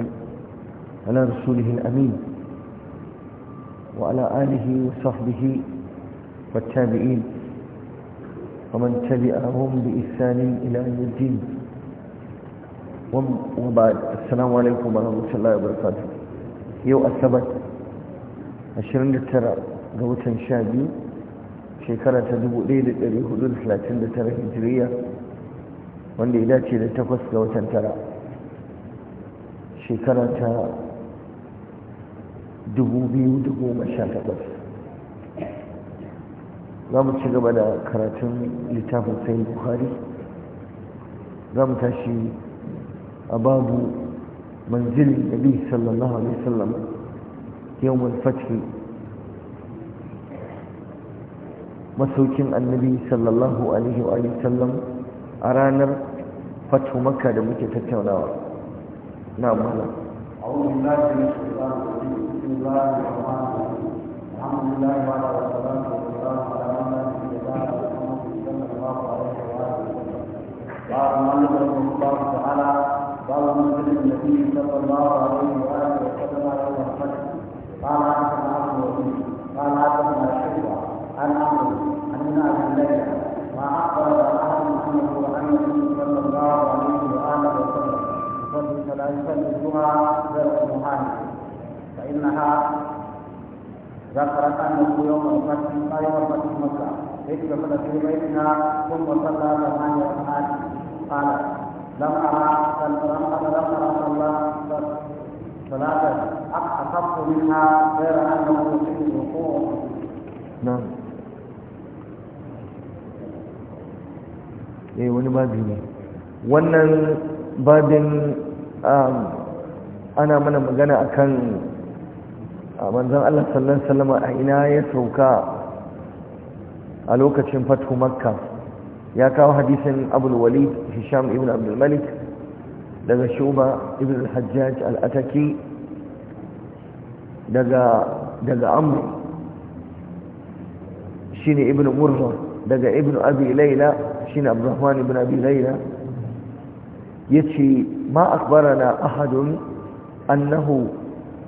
الله على رسوله الأمين وعلى آله وصحبه والتابعين ومن تبعهم بإحسان إلى يوم الدين وبعد السلام عليكم ورحمة الله وبركاته يو السبت عشرين للترى قوة شابي شكرة تدبو ليلة الهدود 39 هجرية wanda ya dace da takwas ga watan tara shekara ta 2018 za mu ci gaba da karatun littafin sai buhari za mu tashi a babu manzilin nabi sallallahu alaihi wasallam yawon fathi masaukin annabi sallallahu alaihi wasallam a ranar fathu makka da muke tattaunawa نعم،, نعم أعوذ بالله من الشيطان الرجيم بسم الله الرحمن الرحيم الحمد لله وعلى والصلاة والسلام على من لا محمد صلى الله عليه وآله وسلم قال المؤلف رحمه الله تعالى باب مسجد النبي صلى الله عليه وآله وسلم على الفتح قال حدثنا عبد الوهيب قال عبد شعبة عن عمرو عن ابن أبي الليلة ما أخبر أحد محمد وأنه فلا يسلمها غير سبحانه فإنها ذكرت أنه يوم الفتح لا يوم الفتح مكة إذ دخل في بيتنا ثم صلى ثمان ركعات قال لم أرى لم أرى صلى صلاة أخف منها غير أنه يحب الوقوع نعم eh wani babi ne wannan babin ana mana magana akan manzon Allah sallallahu alaihi wasallam a ina ya sauka a lokacin fatu makka ya kawo hadisin abul walid hisham ibn Abdulmalik, daga shuba ibn al-hajjaj al-ataki daga daga amr shine ibn murra daga ibn abi layla shine Abdullahi ibn abi ya ce. ما أخبرنا أحد أنه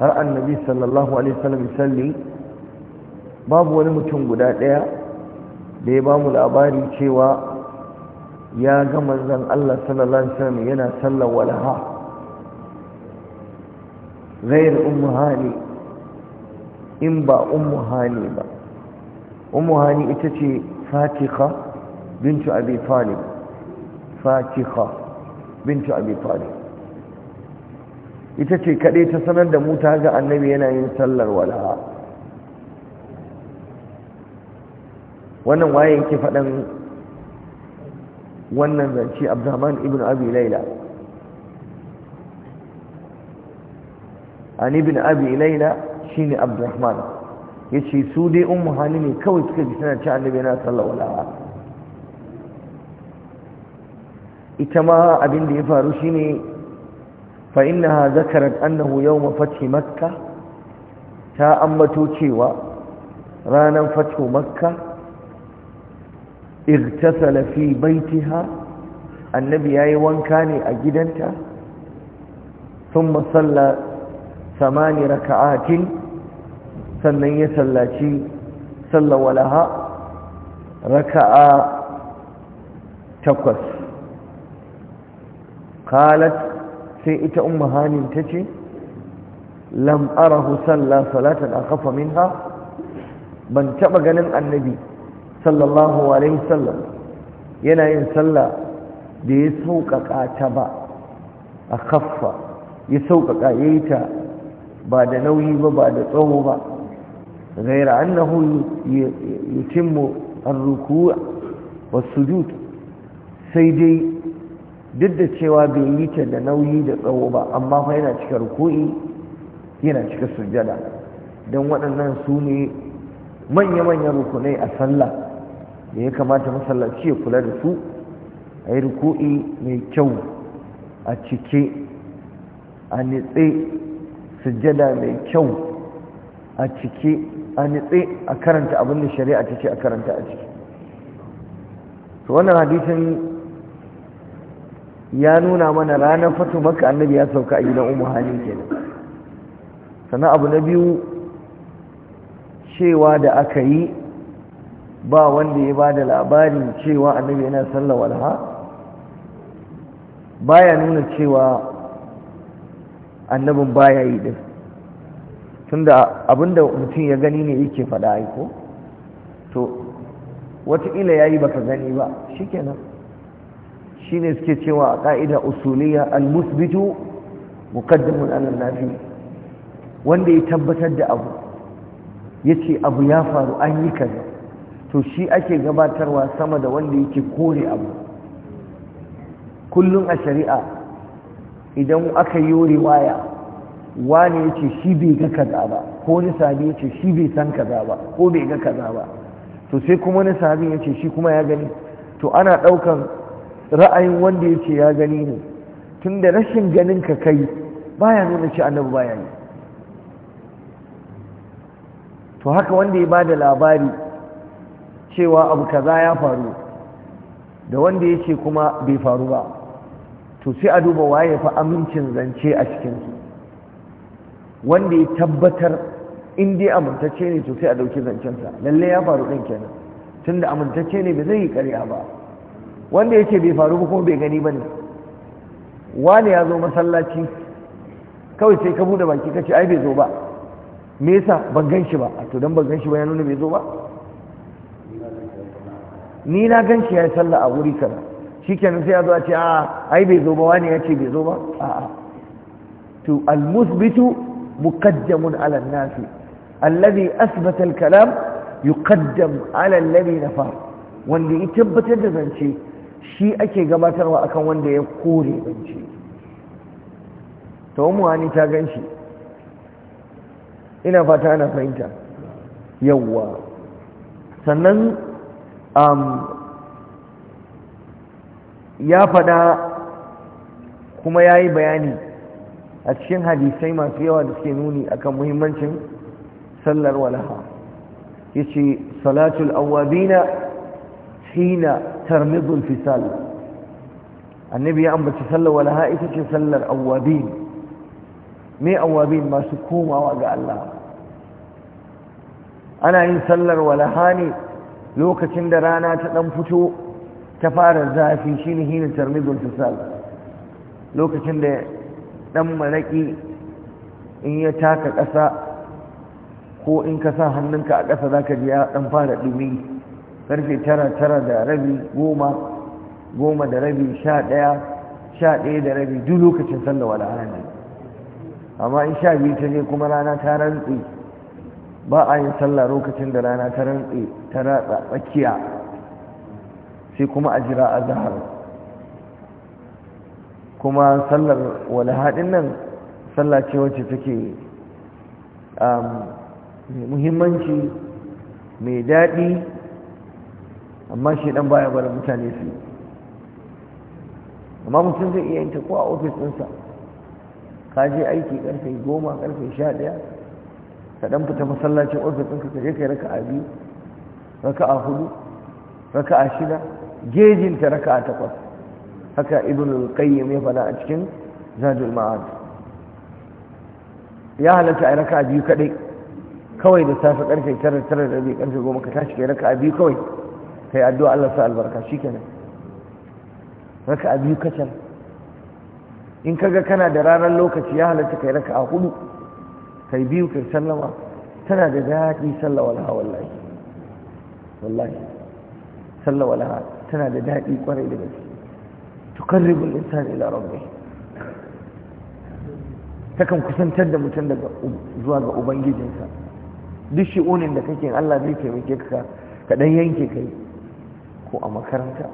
رأى النبي صلى الله عليه وسلم يصلي باب ولمتون قداء لها ليبام الأباري شوى يا قمر ذن الله صلى الله عليه وسلم ينا صلى ولها غير أم هاني إن با أم هاني با أم هاني إتتي فاتخة بنت أبي طالب فاتخة بنت أبي طالب ita ce kaɗe ta sanar da muta ga annabi yana yin sallar wala wannan waye yake faɗin wannan zance abdurrahman ibn abi laila an ibn abi laila shine abdurrahman ce su dai un hani ne kawai suka ji tana ci annabi yana sallar wala ita ma abin da ya faru shine فإنها ذكرت أنه يوم فتح مكة تأمتوا تشيوا رانا فتح مكة اغتسل في بيتها النبي أيوان كان أجدنت ثم صلى ثمان ركعات sannan ya sallaci sallawalaha raka'a takwas qalat sai ita ummu hanin ce lam arahu salla salatan akhafa minha ban taba ganin annabi sallallahu alaihi sallam. yana yin sallah da ya sauƙaƙa ta ba kafa. ya sauƙaƙa yayi ta ba da nauyi ba ba da tsawo ba ghaira annahu yutimmu ar-ruku' was-sujud sai dai duk da cewa bai yi ta da nauyi da tsawo ba amma fa yana cika ruku'i yana cika sujada, don waɗannan su ne manya-manyan rukunai a sallah da ya kamata masallaci ya kula da su a yi ruku'i mai kyau a cike a nitse sujjada mai kyau a cike a nitse a karanta abin da shari'a ta ce a karanta a ciki wannan hadisin ya nuna mana ranar fatu maka annabi ya sauka a gidan umu hali kenan sannan abu na biyu cewa da aka yi ba wanda ya ba da labarin cewa annabi yana sallar walha baya nuna cewa annabin baya yi din tunda abinda mutum ya gani ne yake faɗa aiko to wata ila ya yi baka gani ba shikenan shine suke cewa a ka'ida usuliyya al-musbitu muqaddamun ala nafi wanda ya tabbatar da abu yace abu ya faru an yi kaza to shi ake gabatarwa sama da wanda yake kore abu kullum a shari'a idan aka yi riwaya wani yace shi bai ga kaza ba ko wani ya yace shi bai san kaza ba ko bai ga kaza ba to sai kuma wani ya yace shi kuma ya gani to ana daukan ra'ayin wanda ya ce ya gani ne tun da rashin ganin ka kai baya nuna ce annabi baya yi to haka wanda ya bada labari cewa abu kaza ya faru da wanda ya ce kuma bai faru ba to sai a duba waye fa amincin zance a cikinsu wanda ya tabbatar in dai amintacce ne to sai a ɗauki zancensa lalle ya faru ɗin kenan tunda amintacce ne ba zai yi ƙarya ba wanda ya bai faru ba kuma bai gani ba ne wane ya zo masallaci kawai sai ka bude baki ka ce ai bai zo ba me yasa ban gan shi ba a to dan ban ganshi ba ya nuna bai zo ba ni na gan shi ya sallah a wuri kaza shikenan sai ya zo a ce a ai bai zo ba wani ya ce bai zo ba a'a to al-musbitu muqaddamun ala an-nafi alladhi asbata al-kalam yuqaddam ala alladhi nafa wanda ya tabbatar da zance shi ake gabatarwa akan wanda ya kore bance to mu ta ta ganshi ina fata ana fahimta yawwa sannan ya fada kuma ya yi bayani a cikin hadisai masu yawa da suke nuni akan muhimmancin sallar walaha yace salatul awabina hina tarmidul fisal annabi ya ambaci sallar walaha ita ce sallar awwabin me awwabin masu komawa ga Allah ana yin sallar walaha ne lokacin da rana ta ɗan fito ta fara zafi shine hinin tarmidul fisal lokacin da ɗan maraki in ya taka ƙasa ko in ka sa hannunka a ƙasa zaka ji ya dan fara dumi karfe tara tara da rabi goma goma da rabi sha ɗaya sha ɗaya da rabi duk lokacin sallah wa ana ne amma in sha biyu ta je kuma rana ta rantse ba a yin sallah lokacin da rana ta rantse ta ratsa tsakiya sai kuma a jira a zahar kuma sallar walhaɗin haɗin nan sallah ce wacce take um, muhimmanci mai daɗi amma shi dan baya bar mutane su amma mutum zai iya yanta ko a ofis ɗinsa ka je aiki karfe goma karfe sha ɗaya ka dan fita masallacin ofis ɗinka ka je ka yi a biyu raka a hudu raka a shida gejinta a takwas haka ibn al-qayyim ya faɗa a cikin zadul ma'ad ya halatta a a biyu kaɗai kawai da safe karfe tara tara da rabi karfe goma ka tashi kai a biyu kawai kai addu'a Allah sa albarka shikenan a biyu kacal in kaga kana da ranar lokaci ya halatta kai a hudu kai biyu kai sallama tana da daɗi laha wallahi wallahi laha tana da daɗi kwarai da gaske tuqarribul insana ila rabbih takan kusantar da mutum daga zuwa ga ubangijinsa duk shi'unin da kake Allah zai taimake ka ka dan yanke kai ko a makaranta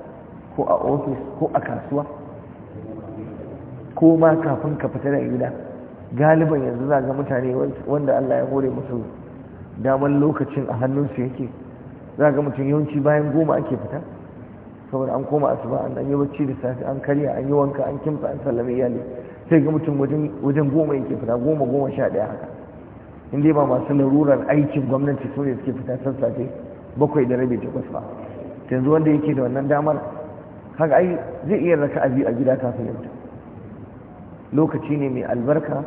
ko a ofis ko a kasuwa ko ma kafin ka fita da gida galiban yanzu za ga mutane wanda Allah ya hore musu daman lokacin a hannunsu yake za ga mutum yawanci bayan goma ake fita saboda an koma asuba an yi bacci da safe an karya an yi wanka an kimfa an sallame iyali sai ga mutum wajen goma yake fita goma goma sha ɗaya haka in dai ba masu larurar aikin gwamnati su ne suke fita sassafe bakwai da rabe takwas ba yanzu wanda yake da wannan damar haka ai zai iya raka abi a gida kafin yau lokaci ne mai albarka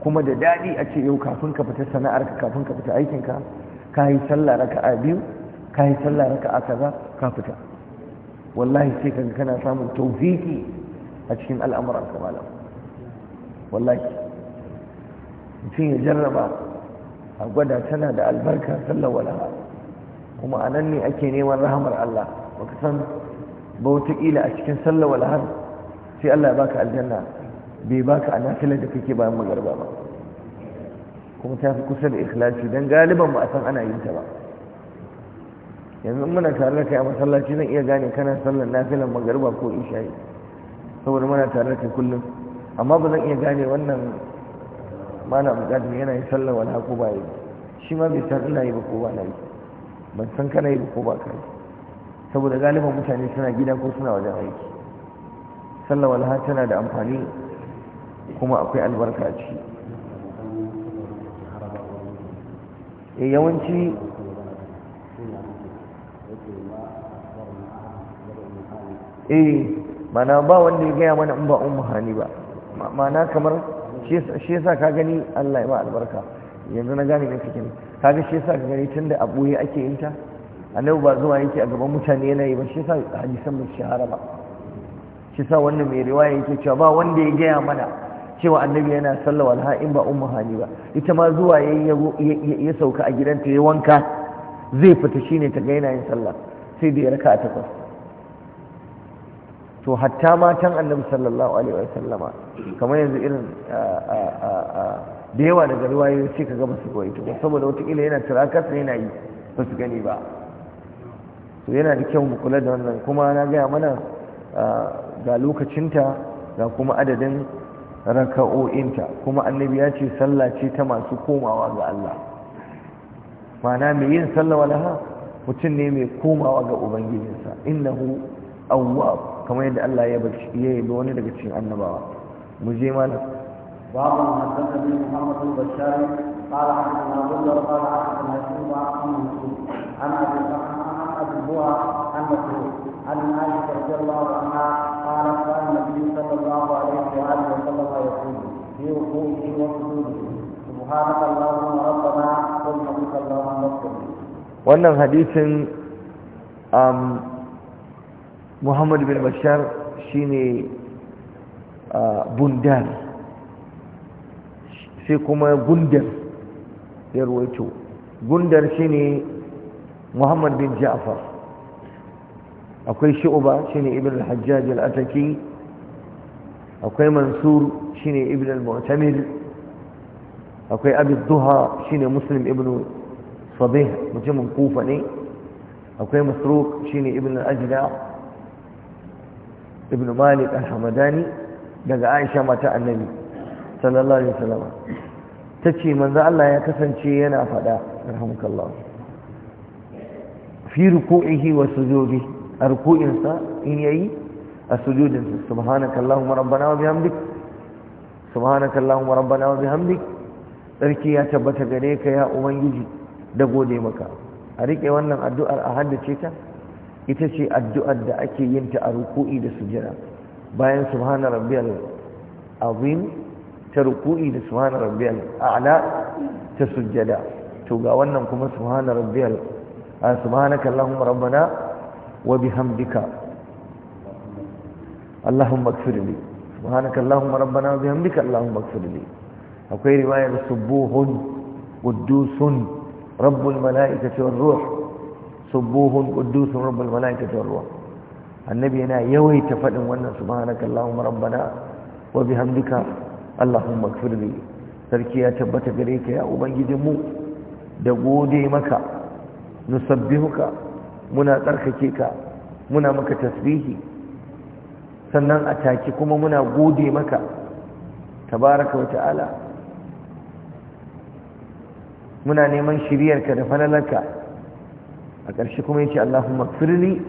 kuma da daɗi a ce yau kafin ka fita sana'arka kafin ka fita aikinka ka yi sallah raka a biyu ka yi sallah raka a kaza ka fita wallahi sai kaga kana samun taufiki a cikin al'amuran kamala wallahi mutum ya jarraba a gwada tana da albarka sallah walaha kuma a nan ne ake neman rahamar Allah ba ka san ba wataƙila a cikin sallah wal sai Allah ya baka aljanna bai baka a nafilar da kake bayan magarba ba kuma ta fi kusa da ikhlasi don galiban ba a san ana yin ta ba yanzu muna tare da kai a masallaci zan iya gane kana sallar nafilan magarba ko isha'i saboda muna tare da kai kullum amma ba zan iya gane wannan malam gadin yana yin sallar wala ko ba yi shi ma bai san ina yi ba ko ba na yi ban san kana yi ko ba ka yi saboda galiban mutane suna gida ko suna wajen aiki sallah walha tana da amfani kuma akwai albarka ci e eh, yawanci eh mana ba wanda ya gaya mana in ba ummu hani ba mana kamar shi yasa ka gani Allah ya ba albarka yanzu na gane ne cikin kaga shi yasa ga gari tunda a boye ake yin ta annabi ba zuwa yake a gaban mutane yana yi ba shi yasa hadisan ba shahara ba shi yasa wannan mai riwaya yake cewa ba wanda ya gaya mana cewa annabi yana sallah walha in ba ummu hani ba ita ma zuwa yayi ya sauka a gidanta ya wanka zai fita shine ta ga yana yin sallah sai da ya raka takwas to hatta matan annabi sallallahu alaihi wa kamar yanzu irin da yawa daga ce ka ga su kawai ba saboda watakila yana ne yana yi ba su gani ba to yana da kyau mu kula da wannan kuma na gaya mana ga lokacinta ga kuma adadin raka'o'inta kuma annabi ya ce sallah ce ta masu komawa ga Allah mana mai yin sallah laha mutum ne mai komawa ga ubangijinsa innahu awwab kamar yadda Allah ya yi wani daga cikin annabawa mu je mana باب حدثني محمد بن بشار قال حدثنا بندر قال حدثنا شعبة عن مسعود عن ابي عن ابي الهوى عن مسعود عن عائشة رضي الله عنها قالت كان النبي صلى الله عليه واله وسلم يقول في ركوعه وسجوده سبحانك اللهم ربنا وبحمدك اللهم اغفر wannan hadisin um, muhammad bin bashar shine uh, bundar sai kuma gundar ya ruwaito gundar shine muhammad bin ja'far akwai shu'ba shine ibn al-hajjaj al-ataki akwai mansur shine ibn al-mu'tamir akwai abi duha shine muslim ibn sabih mutumin kufa ne akwai masruq shine ibn al-ajda ibn malik al-hamadani daga aisha mata annabi sallallahu alaihi wasallam ta ce manzo Allah ya kasance yana faɗa rahmukallah fi ruku'ihi wa sujudi a sa in yayi a sujudinsa subhanaka allahumma rabbana wa bihamdik subhanaka allahumma rabbana wa bihamdik sarki ya tabbata gare ka ya ubangiji da gode maka a rike wannan addu'ar a haddace ta ita ce addu'ar da ake yin ta a ruku'i da sujjada bayan subhana rabbiyal azim ta ruku'i da subhana rabbiyal a'la ta sujjada to ga wannan kuma subhana rabbiyal subhanaka allahumma rabbana wa bihamdika allahumma ighfir li subhanaka allahumma rabbana wa bihamdika allahumma ighfir li akwai da subuhun quddusun rabbul malaikati war ruh subuhun quddusun rabbul malaikati war ruh annabi yana yawaita fadin wannan subhanaka allahumma rabbana wa bihamdika Allahumma kfirli sarki ya tabbata gare ka ya ubangijinmu da gode maka nusabbihuka muna tsarkake ka muna maka tasbihi sannan a taki kuma muna gode maka tabaraka wa ta'ala muna neman shiryarka da falalarka a ƙarshe kuma yace Allahumma kfirli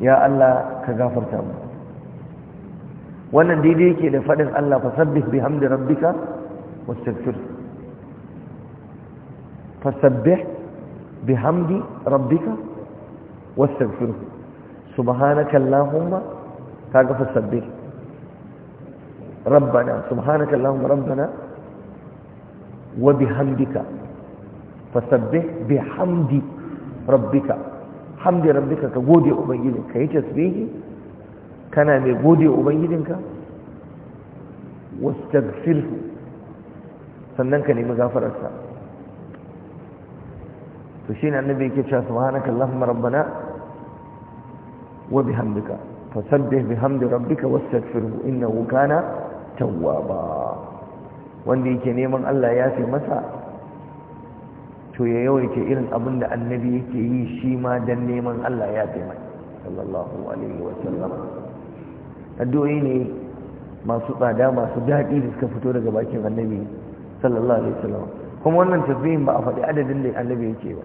ya Allah ka gafarta mu wannan daidai yake da faɗin Allah fasabbih bihamdi rabbika wastaghfir fasabbih bihamdi rabbika wastaghfir subhanaka allahumma kaga fasabbih rabbana subhanaka allahumma rabbana wa bihamdika fasabbih bihamdi rabbika hamdi rabbika ka gode ubangiji ka yi tasbihi kana mai gode ubangijinka wastaghfirhu sannan ka nemi gafararsa to shi ne annabi yake cewa subhanaka allahumma rabbana wa bihamdika fasabbih bihamdi rabbika wastaghfirhu innahu kana tawwaba wanda yake neman Allah ya fi masa to ya yawaita irin abin da annabi yake yi shi ma dan neman Allah ya fi mai sallallahu alaihi wa sallam addu'o'i ne masu tsada masu daɗi da suka fito daga bakin annabi sallallahu alaihi wasallam kuma wannan tafiyin ba a faɗi adadin da annabi yake ba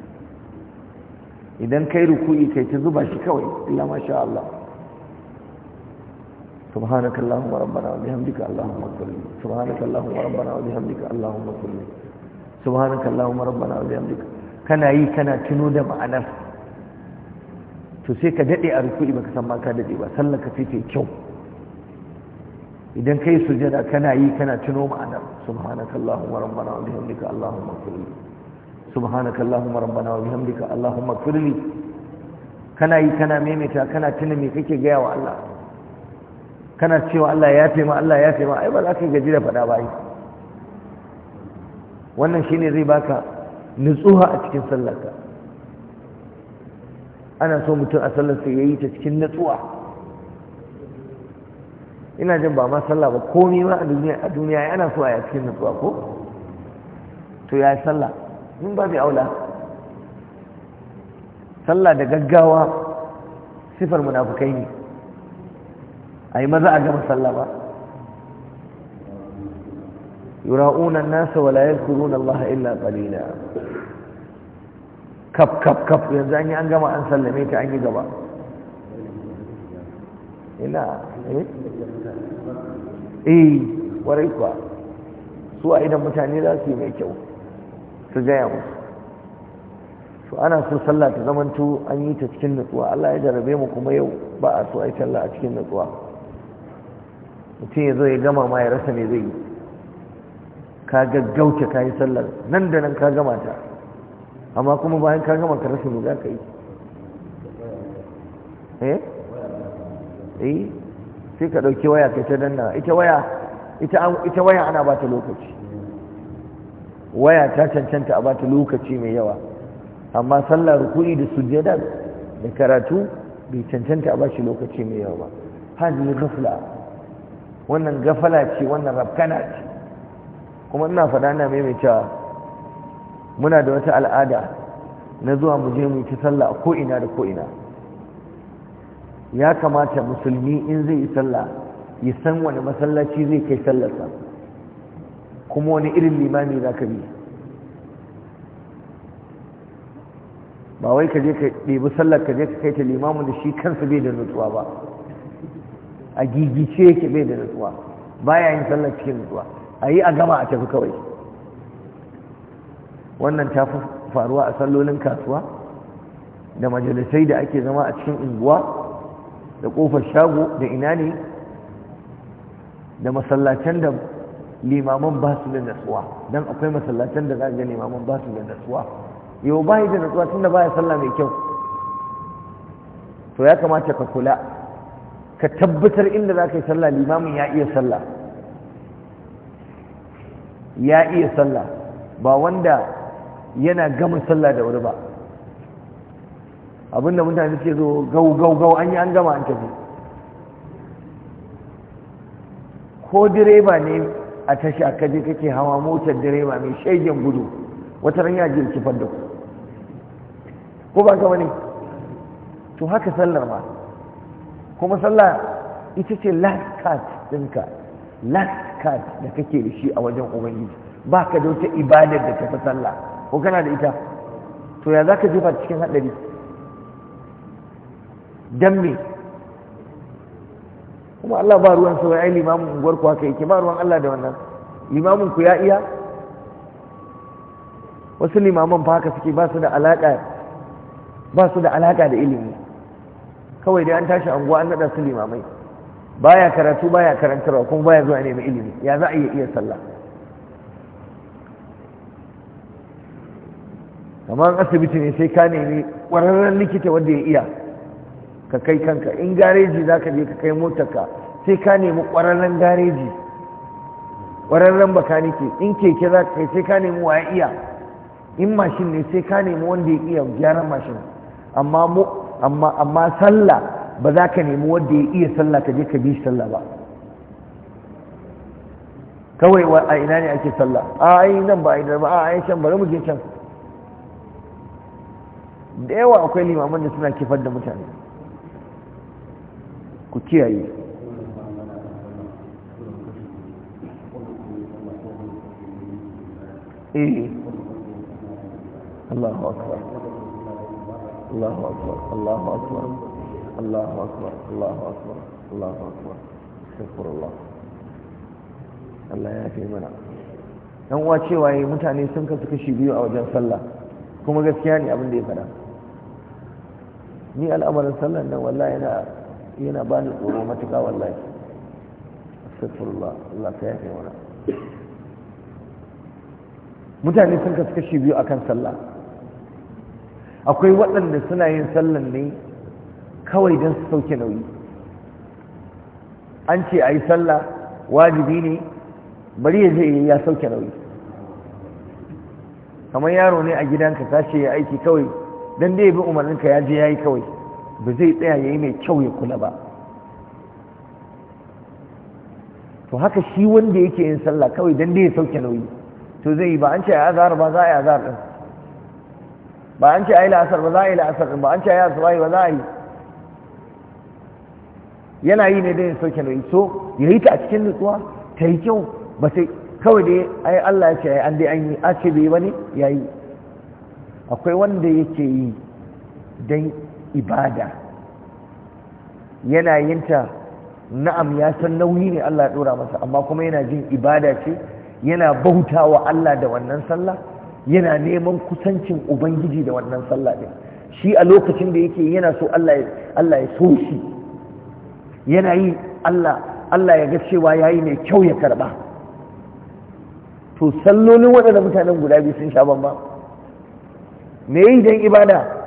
idan kai ruku'i kai ta zuba shi kawai illa masha Allah سبحانك اللهم ربنا وبحمدك اللهم صل سبحانك اللهم ربنا وبحمدك اللهم صل سبحانك اللهم ربنا وبحمدك kana yi kana tuno da ma'anar to sai ka dade a ruku'i baka san ma ka dade ba sallar ka ce kyau idan kai sujada kana yi kana tuno ma'anar subhanakallahumma rabbana wa bihamdika allahumma ighfirli subhanakallahumma rabbana wa bihamdika allahumma ighfirli kana yi kana maimaita kana tuna me kake gaya wa Allah kana cewa Allah ya taima Allah ya taima ai ba za ka gaji da faɗa ba wannan shine zai baka nutsuwa a cikin sallarka ana so mutum a sallarsa ya yi ta cikin nutsuwa ina jin ba ma sallah ba komai ma a duniya a duniya ana so a yi cikin nutsuwa ko to ya yi sallah in ba mai aula sallah da gaggawa sifar munafukai ne a yi maza a gama sallah ba yura'unan nasa wala yadhkuruna Allah illa qalila kaf kaf kaf yanzu an yi an gama an sallame ta an yi gaba ina eh, eh warai kuwa su a idan mutane za su yi mai kyau su gaya musu su ana so sallah ta zamanto an yi ta cikin nutsuwa Allah ya jarabe mu kuma yau ba a so a yi sallah a cikin nutsuwa mutum ya zo ya gama ma ya rasa me zai yi ka gaggauta ka yi sallar nan da nan ka gama ta amma kuma bayan ka gama ka rasa me za ka yi eh eh sai ka dauki waya kai ta danna ita waya ita waya ana bata lokaci waya ta cancanta a bata lokaci mai yawa amma sallah rukuni da sujjada da karatu bai cancanta a ba shi lokaci mai yawa ba ne ghafla wannan gafala ce wannan rabkana ce kuma ina faɗa na mai cewa muna da wata al'ada na zuwa mu je mu yi ta sallah ko ina da ko ina. ya kamata musulmi in zai yi sallah ya san wani masallaci zai kai sallarsa kuma wani irin limami za ka bi ba wai ka je ka ɗebi sallar ka je ka kai ta limamin da shi kansa bai da nutsuwa ba a gigice yake bai da nutsuwa baya yin sallar cikin nutsuwa a yi a gama a tafi kawai wannan ta fi faruwa a sallolin kasuwa da majalisai da ake zama a cikin unguwa da kofar shago da ina ne da masallacen da limaman ba su da natsuwa don akwai masallacen da za a ga limaman ba su da natsuwa yau ba da natsuwa tun da ba ya sallah mai kyau to ya kamata ka kula ka tabbatar inda za ka yi sallah limamin ya iya sallah ya iya sallah ba wanda yana gama sallah da wuri ba abinda mutane ke zo gau gau gau an yi an gama an tafi ko direba ne a tashi a kaje kake hawa motar direba mai shaigen gudu wata ranya jin kifar da ku ko ba gama ne to haka sallar ma kuma sallah ita ce last card ɗinka last card da kake da shi a wajen ubangiji ba ka da wata ibadar da ta fi sallah ko kana da ita to ya za ka jefa cikin haɗari dan me kuma Allah ba ruwan sa wai limamin unguwar ku haka yake ba ruwan Allah da wannan limamin ku ya iya wasu limaman fa haka suke ba su da alaka ba su da alaka da ilimi kawai dai an tashi anguwa an nada su limamai baya karatu baya karantarwa kuma baya zuwa neman ilimi ya za a iya iya sallah kamar asibiti ne sai ka nemi ƙwararren likita wanda ya iya ka kai kanka in gareji za ka je ka kai motarka sai ka nemi ƙwararren gareji ƙwararren bakanike in keke za ka kai sai ka nemi waya iya in mashin ne sai ka nemi wanda ya iya gyaran mashin amma amma amma sallah ba za ka nemi wanda ya iya sallah ka je ka bi sallah ba kawai a ina ne ake sallah a ai nan ba a yi ba a ai can bari mu je can da yawa akwai limaman da suna kifar da mutane ku kiyaye eh Allahu akbar Allahu akbar Allahu akbar Allahu akbar Allahu akbar Allahu akbar astaghfirullah Allah ya fi mana dan uwa cewa mutane sun kasu kashi biyu a wajen sallah kuma gaskiya ne abin da ya faɗa ni al'amarin sallan nan wallahi na. yana ba ni tsoro matuƙa wallahi astaghfirullah Allah ta yafe mana mutane sun kasu kashi biyu akan sallah akwai waɗanda suna yin sallan ne kawai don su sauke nauyi an ce a yi sallah wajibi ne bari ya je ya sauke nauyi kamar yaro ne a gidanka tashi ya aiki kawai don dai bi umarninka ya je ya yi kawai ba zai tsaya ya yi mai kyau ya kula ba to haka shi wanda yake yin sallah kawai don da ya sauke nauyi to zai yi ba an ce a azhar ba za a yi azhar din ba an ce a yi la'asar ba za a yi la'asar ɗin ba an ce a yi ba za a yi yana yi ne don ya sauke nauyi so ya yi ta a cikin nutsuwa ta yi kyau ba sai kawai dai yi Allah ya ce an dai an yi a ce bai yi ba ne ya yi akwai wanda yake yi don ibada yana yin na'am ya san nauyi ne Allah ya dora masa amma kuma yana jin ibada ce yana bautawa Allah da wannan sallah yana neman kusancin ubangiji da wannan sallah din shi a lokacin da yake yana so Allah Allah ya so shi yana yi Allah Allah ya ga cewa yayi mai kyau ya karba to sallolin waɗannan mutanen guda biyu sun sha bamba me yi dan ibada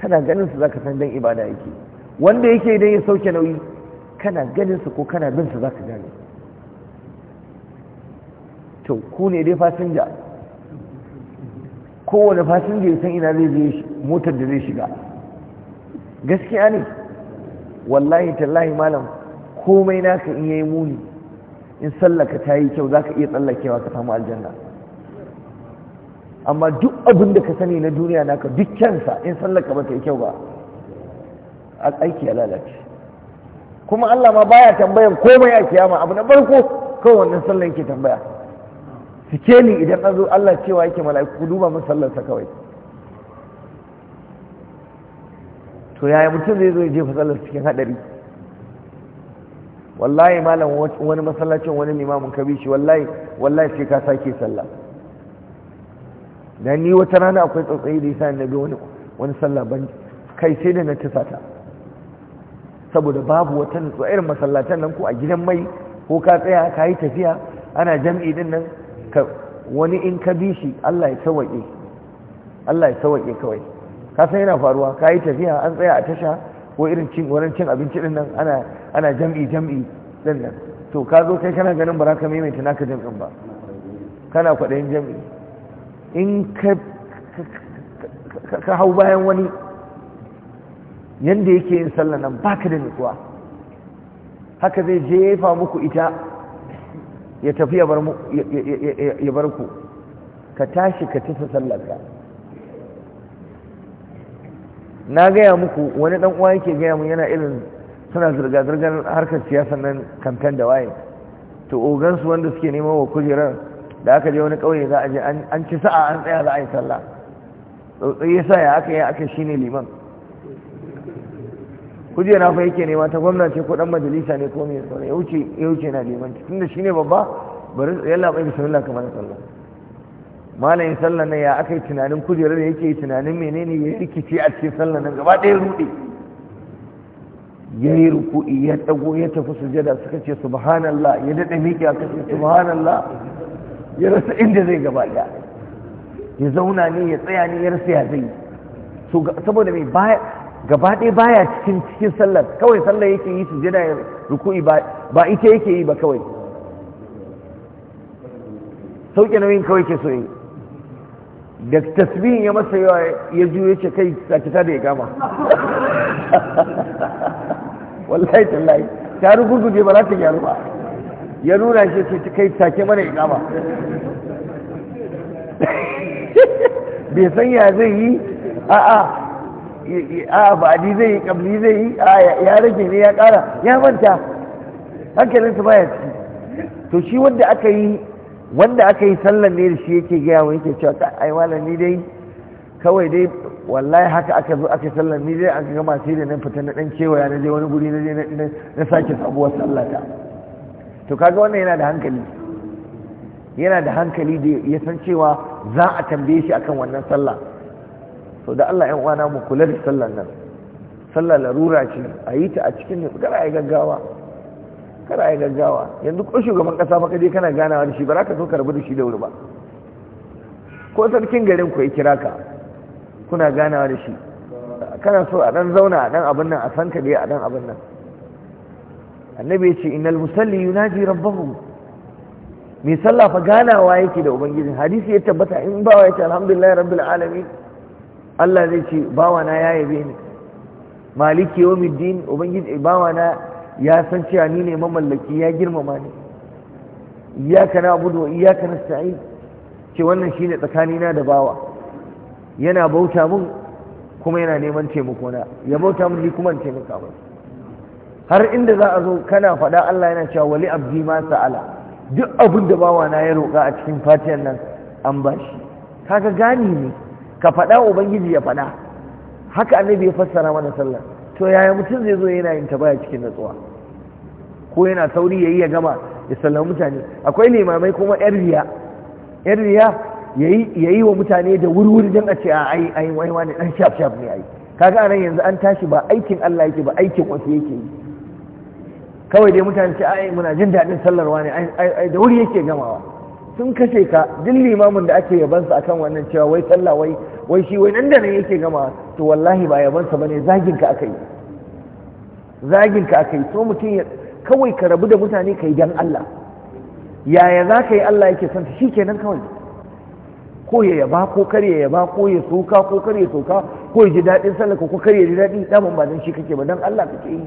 kana ganin su zaka san dan ibada yake wanda yake idan ya sauke nauyi kana ganin su ko kana bin su zaka gane to ku ne dai fasinja kowane fasinja ya san ina zai je motar da zai shiga gaskiya ne wallahi tallahi malam komai naka in yayi muni in sallaka ta yi kyau zaka iya tsallakewa ka samu aljanna amma duk abin da ka sani na duniya naka duk kyansa in sallaka ba ta yi kyau ba aiki ya lalace kuma Allah ma baya tambayan komai a kiyama abu na farko kawai wannan sallan ke tambaya ni idan an zo Allah cewa yake mala'iku duba mun sa kawai to yaya mutum zai zo ya jefa sallar cikin hadari wallahi malam wani masallacin wani limamin kabishi wallahi wallahi sai ka sake sallah da ni wata rana akwai tsautsayi da yasa na bi wani wani sallah ban kai sai da na tusa ta saboda babu wata nutsu irin masallatan nan ko a gidan mai ko ka tsaya ka yi tafiya ana jam'i din nan ka wani in ka bi shi Allah ya sawaƙe Allah ya sawaƙe kawai ka san yana faruwa ka yi tafiya an tsaya a tasha ko irin cin wurin cin abinci din nan ana ana jam'i jam'i din nan to ka zo kai kana ganin baraka mai ka maimaita naka jam'in ba kana kwaɗayin jam'i in ka hau bayan wani yadda yake yin sallah nan baka da nutsuwa haka zai jefa muku ita ya tafi ya bar ku ka tashi ka tafi sallarka na gaya muku wani dan uwa yake gaya mu yana irin suna zirga-zirgar harkar siyasa nan kamfen da waye to ogansu wanda suke nema wa kujerar da aka je wani ƙauye za a je an ci sa'a an tsaya za a yi sallah tsotsi ya sa ya aka yi aka shi ne liman kujera fa yake nema ta gwamna ce ko dan majalisa ne ko mai sauran ya wuce na liman tunda shi ne babba bari yalla bai bismillah kamar sallah malamin sallah na ya aka yi tunanin kujera da yake tunanin menene ya rikice a cikin sallah nan gaba ɗaya rude ya yi ruku'i ya ɗago ya tafi sujada suka ce subhanallah ya daɗa miki aka ce subhanallah ya rasa inda zai gaba ya zauna ne ya tsaya ne ya rasa ya zai so saboda mai baya gaba ɗaya baya cikin cikin sallar kawai sallar yake yi sujada ya ruku'i ba ita yake yi ba kawai sauƙi nauyin kawai ke so yi da tasbihin ya masa yawa ya juyo ce kai sakita da ya gama wallahi tallahi ta guje ba za ta gyaru ba ya nuna shi ce ta kai take mana ikama bai san ya zai yi a'a a ba'adi zai yi kabli zai yi a ya rage ne ya kara ya manta su baya ciki to shi wanda aka yi wanda aka yi sallan ne da shi yake gaya wa yake cewa ai malam ni dai kawai dai wallahi haka aka zo aka sallan ni dai aka gama sai da nan fita na dan cewa na je wani guri na je na sake sabuwar sallata to kaga wannan yana da hankali yana da hankali da ya san cewa za a tambaye shi akan wannan sallah so da Allah ɗan uwana mu kula da sallan nan Sallah larura ce a yi ta a cikin ne kada a yi gaggawa kada a yi gaggawa yanzu ko shugaban kasa fa kaje kana ganawa da shi ba za ka so rabu da shi da wuri ba ko sarkin garin ku ya kira ka kuna ganawa da shi kana so a dan zauna a dan abin nan a san ka dai a dan abin nan annabi ya ce inal musalli yunaji rabbahu mai sallah fa ganawa yake da ubangiji hadisi ya tabbata in bawa ya ce alhamdulillah rabbil alamin Allah zai ce bawa na ya yabe ni maliki yawmiddin ubangiji bawa na ya san cewa ni ne mamallaki ya girmama ni iyyaka na'budu wa iyyaka nasta'in ce wannan shine tsakanina da bawa yana bauta mun kuma yana neman taimako ya bauta mun ni kuma taimaka masa har inda za a zo kana faɗa Allah yana cewa wali abdi ma sa'ala duk abin da bawa na ya roƙa a cikin fatiyan nan an bashi kaga gani ne ka faɗa ubangiji ya faɗa haka annabi ya fassara mana sallah to yaya mutum zai zo yana yin ta cikin natsuwa ko yana sauri yayi ya gama ya sallama mutane akwai limamai kuma yar riya yar riya yayi yayi wa mutane da wurwuri dan a ce a ai ai wai wani dan shaf shaf ne ai kaga anan yanzu an tashi ba aikin Allah yake ba aikin wasu yake yi kawai dai mutane ce ai muna jin daɗin sallarwa ne ai da wuri yake gamawa sun kashe ka duk limamin da ake yabansa akan wannan cewa wai sallah wai wai shi wai nan da nan yake gamawa to wallahi ba yabansa bane zagin ka akai zagin ka akai so mutum ya kawai ka rabu da mutane kai dan Allah yaya za ka yi Allah yake son shi kenan kawai ko ya yaba ko kar ya yaba ko ya soka ko kar ya soka ko ya ji daɗin sallah ko kar ya ji daɗin daman ba dan shi kake ba dan Allah kake yi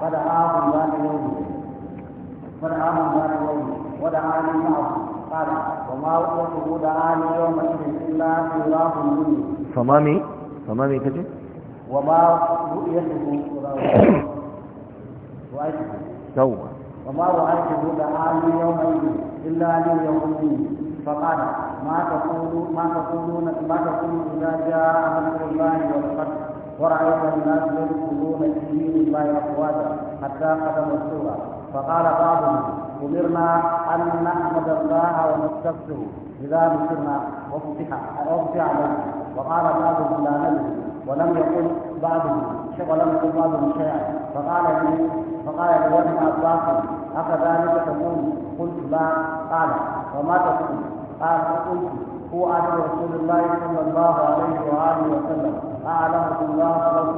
فدعاهم ذات يوم فدعاهم ذات يوم ودعاني معه قال وما وقفه دعاني يومئذ إلا سواه مني فما مي فما مي كجي وما رؤيته رأيته سوى وما رأيته دعاني يومئذ إلا لي يومئذ فقال ما تقولون ما تقولون ما تقولون إذا جاء أمر الله والقدر ورأيت الناس يدخلون في دين الله أفواجا حتى قدموا السورة فقال بعضهم أمرنا أن نحمد الله ونستغفره إذا نصرنا وفتح وفتح علينا وقال بعضهم لا ندري ولم يقل بعضهم ولم يقل بعضهم شيئا فقال لي فقال لي وابن عباس أكذلك تقول قلت لا قال وما تقول قال قلت هو أهل رسول الله صلى الله عليه وآله وسلم أعلم الله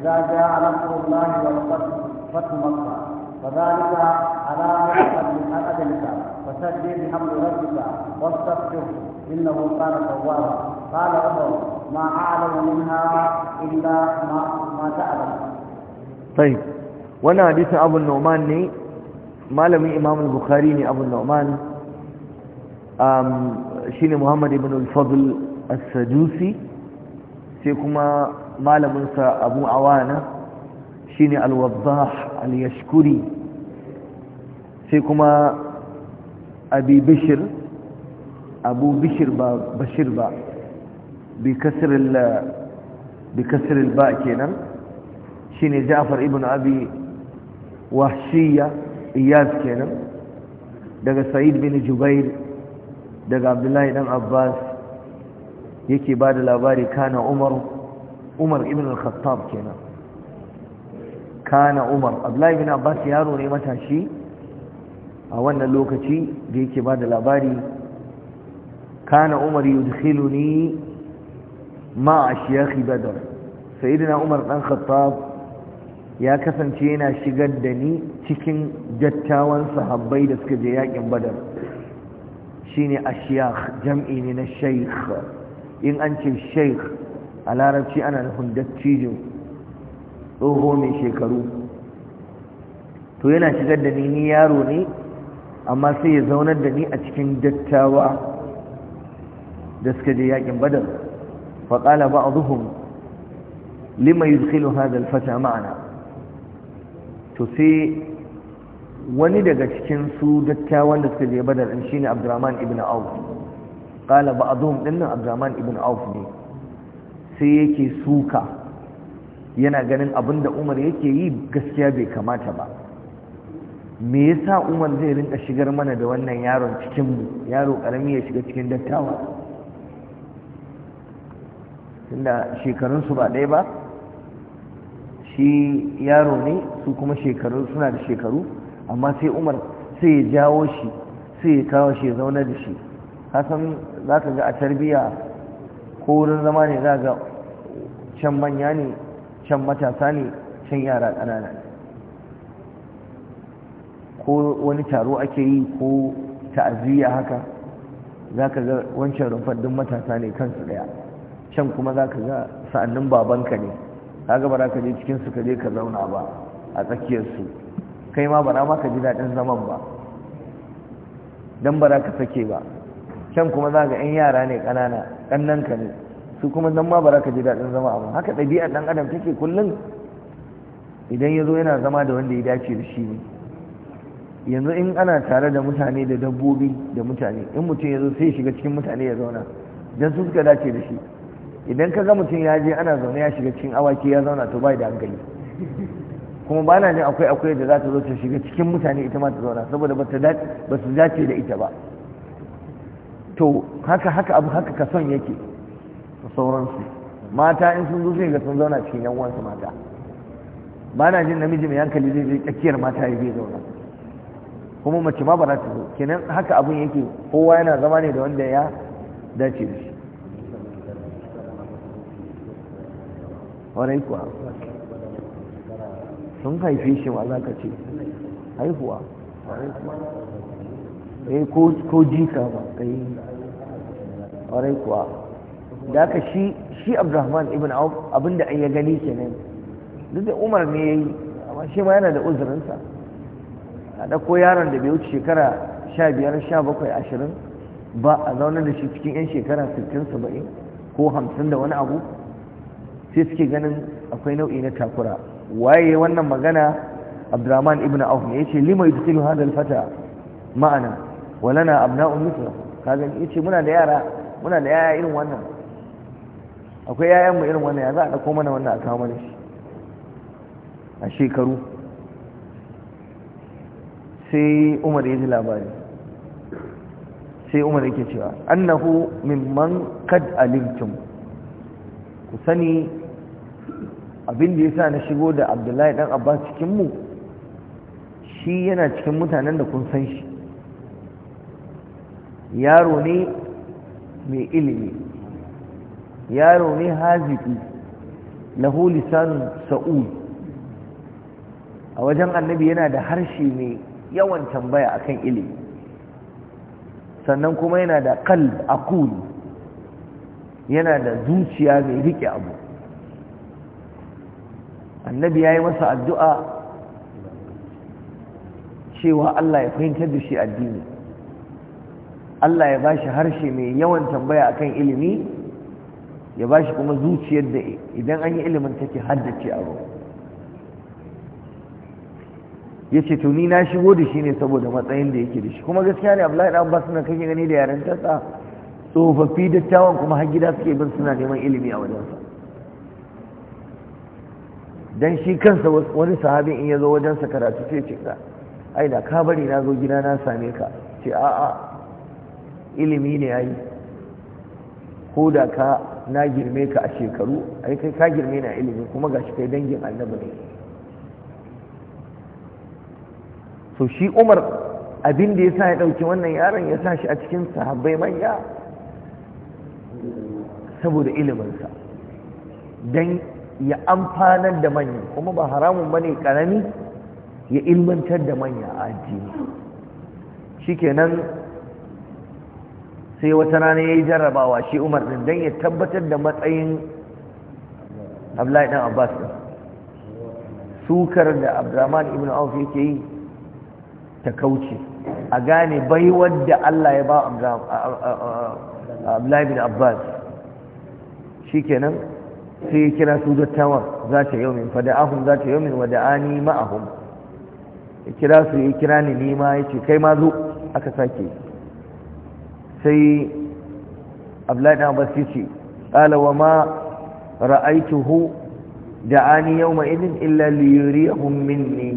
إذا جاء نصر الله والفتح فتح مكة وذلك على من أدلك وسجد بحمد ربك واستغفر إنه كان توابا قال عمر ما أعلم منها إلا ما ما تعلم طيب وانا حديث أبو النعمان ني لم إمام البخاري ني أبو النعمان شيني محمد بن الفضل السدوسي sai kuma malaminsa abu awana shine al-wazzah sai kuma abi bishir abu bishir ba bashir ba bi kasr al-ba kenan shine ja'far ibn abi wahshiya iyaz kenan daga sa'id bin jubair daga abdullahi dan abbas yake ba da labari kana umar umar ibn al-khattab kenan kana umar abdullahi ibn abbas yaro ne matashi a wannan lokaci da yake ba da labari kana umar yudkhiluni ma ashiyakh badr sayyidina umar dan khattab ya kasance yana shigar da ni cikin dattawan sahabbai da suka je yakin badar shine ashiyakh jam'i ne na shaykh in an ce sheikh a larabci ana nufin dattijo tsoho mai shekaru to yana shigar da ni ni yaro ne amma sai ya zaunar da ni a cikin dattawa da suka je yakin badar faƙala ba a zuhun lima yudkhilu hadha alfata ma'ana to sai wani daga cikin su dattawan da suka je badar din shine Abdurrahman ibn Auf qala ɗin ɗinnan abdaman ibn Auf ne sai yake suka yana ganin da Umar yake yi gaskiya bai kamata ba me yasa Umar zai rinka shigar mana da wannan yaron cikin mu yaro karami ya shiga cikin dattawa tunda shekarunsu ba ɗaya ba shi yaro ne su kuma shekaru suna da shekaru amma sai Umar sai ya jawo shi sai ya kawo shi ya zauna da shi kasan za ka ga a tarbiyya ko wurin zama ne za ga can manya ne can matasa ne can yara ƙanana ko wani taro ake yi ko ta'aziyya haka za ka ga wancan rumfar duk matasa ne kansu ɗaya can kuma za ka ga sa'annin babanka ne ka ga ba ka je cikinsu ka je ka zauna ba a tsakiyarsu kai ma ba ma ka ji daɗin zaman ba don bara ka sake ba can kuma za ga 'yan yara ne ƙanana ƙannan ka ne su kuma nan ma ba za ka ji daɗin zama abu haka ɗabi'ar ɗan adam take kullum idan ya zo yana zama da wanda ya dace da shi ne yanzu in ana tare da mutane da dabbobi da mutane in mutum ya zo sai shiga cikin mutane ya zauna don su suka dace da shi idan ka ga mutum ya je ana zaune ya shiga cikin awaki ya zauna to bai da hankali kuma ba na jin akwai akwai da za ta zo ta shiga cikin mutane ita ma ta zauna saboda ba su dace da ita ba to haka haka abu haka ka son yake da sauransu mata in sun zo ga sun zauna cikin yan uwansu mata ba na jin namiji mai hankali zai zai tsakiyar mata ya zai zauna kuma mace ma ba za ta zo kenan haka abun yake kowa yana zama ne da wanda ya dace da shi warai kuwa sun haife shi wa za ka ce haihuwa warai kuwa eh ko jika ba kai ƙwarai kuwa da aka shi shi abdurrahman ibn auf abinda an ya gani kenan duk da umar ne ya yi amma shi ma yana da uzurinsa a ɗauko yaron da bai wuce shekara sha biyar sha bakwai ashirin ba a zaune da shi cikin 'yan shekara sittin saba'in ko hamsin da wani abu sai suke ganin akwai nau'i na takura waye wannan magana abdurrahman ibn auf ne ya ce lima yudkhilu hadha al-fata ma'ana walana abna'un mithla kaga yace muna da yara muna da yaya irin wannan akwai yayan mu irin wannan ya za a dauko mana wannan a kawo mana shi a shekaru sai Umar ya ji labari sai Umar yake cewa annahu mimman kad alimtum ku sani abin da yasa na shigo da Abdullahi dan Abbas cikin mu shi yana cikin mutanen da kun san shi yaro ne mai ilimi yaro ne haziki lahu lisanun sa'ud a wajen annabi yana da harshe mai yawan tambaya akan ilimi sannan kuma yana da a aqul yana da zuciya mai rike abu annabi ya yi masa addu'a cewa Allah ya fahimtar da shi addini Allah ya bashi harshe mai yawan tambaya akan ilimi ya bashi kuma zuciyar da idan an yi ilimin take haddace abu ya ce to ni na shigo da shi ne saboda matsayin da yake da shi kuma gaskiya ne abu dan abbas suna kake gani da yaren tasa tsofaffi dattawan kuma har gida suke bin suna neman ilimi a wajensa dan shi kansa wani sahabin in ya zo wajensa karatu sai ce ka ai da ka bari na zo gida na same ka ce a'a ilimi ne yayi ko da ka na girme ka a shekaru ai kai ka girme na ilimi kuma ga gashi kai dangin annabi ne so shi umar abin da ya sa ya ɗauki wannan yaron ya sa shi a cikin sahabbai manya saboda iliminsa don ya amfanar da manya kuma ba haramun ba ne ƙanani, ya ilmantar da manya a addini shikenan sai wata rana ya yi jarrabawa shi umar din don ya tabbatar da matsayin abdullahi dan abbas din sukar da abdurrahman ibn auf yake yi ta kauce a gane baiwar da allah ya ba abdullahi Ibn abbas shikenan sai ya kira su dattawan za ta yau min fada'ahum za ta yau min wada'ani ma'ahum ya kira su ya kira ni nima ya ce kai ma zo aka sake sai abdullahi dan abbas wa ma ra'aituhu da'ani yawma idin illa li yuriyahum minni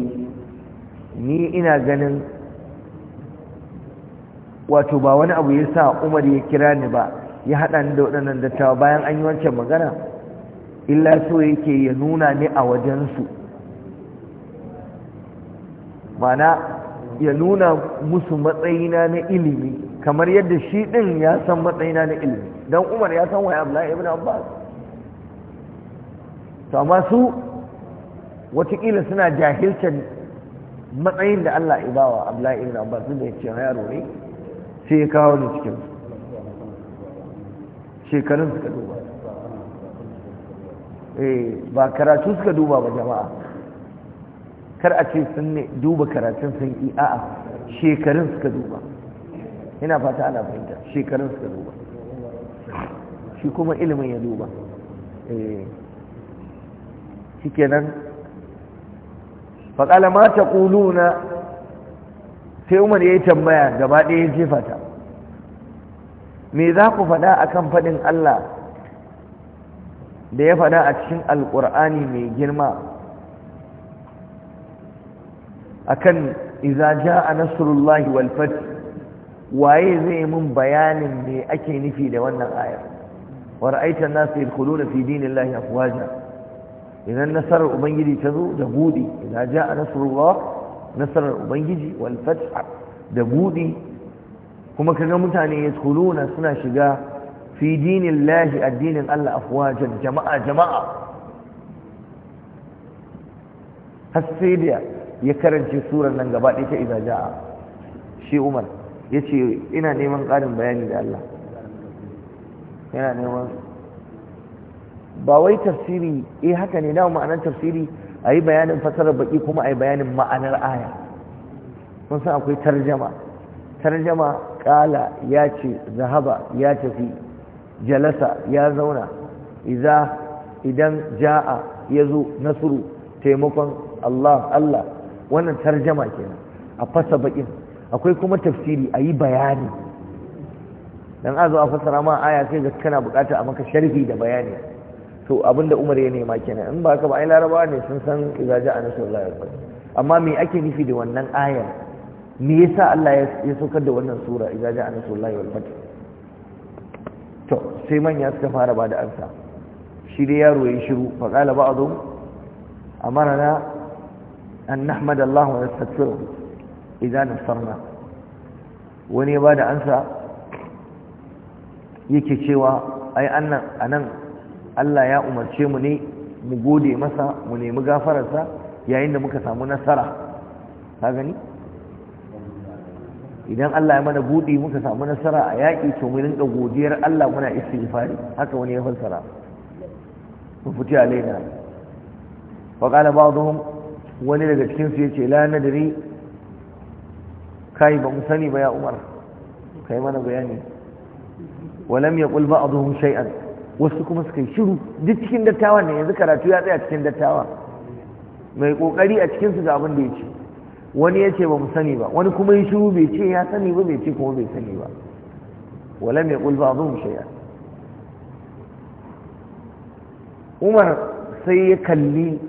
ni ina ganin wato ba wani abu yasa Umar ya kira ni ba ya hada ni da waɗannan dattawa bayan an yi wancan magana illa so yake ya nuna ni a wajensu mana ya nuna musu matsayina na ilimi kamar yadda shi din ya san matsayina na ilimi don umar ya san waya abla ibn abbas to amma su watakila suna jahilcin matsayin da Allah ya bawa abdullahi ibn abbas da ya ce yaro ne sai ya kawo ni cikin shekarun suka duba eh ba karatu suka duba ba jama'a kar a ce sun ne duba karatun sun ki a'a shekarun suka duba ina fata ana fahimta shekarun suka duba shi kuma ilimin ya duba eh. shi kenan faƙala ma ta ƙuluna sai umar ya yi tambaya gaba ɗaya ya jefata me za ku faɗa akan faɗin Allah da ya faɗa a cikin alƙur'ani mai girma akan iza a nasrullahi wal fath waye zai mun bayanin me ake nufi da wannan ayar wa ra'aita an-nasa yadkhuluna fi dinillahi afwaja idan nasarar ubangiji ta zo da budi idan ja'a nasrullah nasarar ubangiji wal fath da budi kuma kaga mutane yadkhuluna suna shiga fi dinillahi addinin Allah afwajan jama'a jama'a hasidiya ya karance surar nan gaba ɗaya ta idan ja'a shi umar ya ce ina neman ƙarin bayani da Allah yana neman ba wai tafsiri eh haka ne dawo ma'anar tafsiri a yi bayanin fasarar baƙi kuma a yi bayanin ma'anar aya kun san akwai tarjama tarjama ƙala ya ce zahaba ya tafi jalasa ya zauna iza idan ja'a ya zo nasuru taimakon Allah Allah wannan tarjama kenan a fasa baƙin. akwai kuma tafsiri a yi bayani don a zo a fasara ma aya sai ga kana bukata a maka sharhi da bayani to abinda umar ya nema kenan in ba ka ba ai Laraba ne sun san izaja a nasarar yarbar amma me ake nufi da wannan ayar me yasa Allah ya saukar da wannan sura izaja a nasarar yarbar to sai manya suka fara ba da ansa shi dai yaro ya shiru fa qala ba'dhum na an nahmadallaha wa nastaghfiruh idan nasarna wani ya bada ansa yake cewa ai annan anan Allah ya umarce mu ne mu gode masa mu nemi gafararsa yayin da muka samu nasara ka gani idan Allah ya mana buɗe muka samu nasara a yaƙi to mu rinka godiyar Allah muna istighfari haka wani ya fassara ku futi alaina wa qala ba'dhum wani daga cikin su yace la nadri kai ba mu sani ba ya umar kai mana bayani walam yaqul ba'dhum shay'an wasu kuma suka yi shiru duk cikin dattawa ne yanzu karatu ya tsaya cikin dattawa mai kokari a cikin su ga abin da ya ce wani ya ce ba mu sani ba wani kuma yi shiru bai ce ya sani ba bai ce kuma bai sani ba walam yaqul ba'dhum shay'an umar sai ya kalli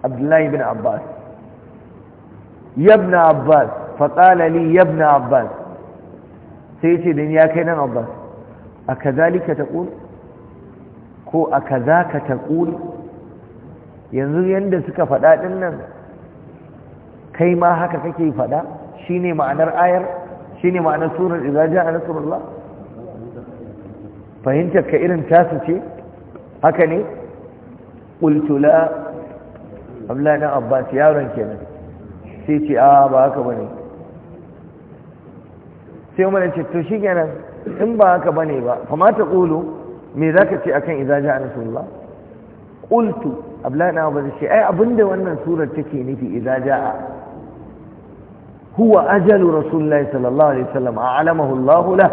abdullahi bin abbas yabna abbas faƙala yabna abbas sai ce da ya kai nan abbas a kazalika ta ƙul ko a ka za ka ta ƙul yanzu yadda suka faɗa ɗin nan kai ma haka kake faɗa shi ne ma'anar ayar shi ne ma'anar surar izajen a nasarullah fahimtar ka irin tasu ce haka ne ƙultula abla ɗan abbas yaron kenan sai ce a ba haka ba ne sai mana ce to shi shikenan in ba haka bane ba fa ta taqulu me za zaka ce akan idza ja'a rasulullah qultu abdullahi na ba ce ai abinda wannan surar take nufi idza ja'a huwa ajalu rasulullahi sallallahu alaihi wasallam a'lamahu Allah la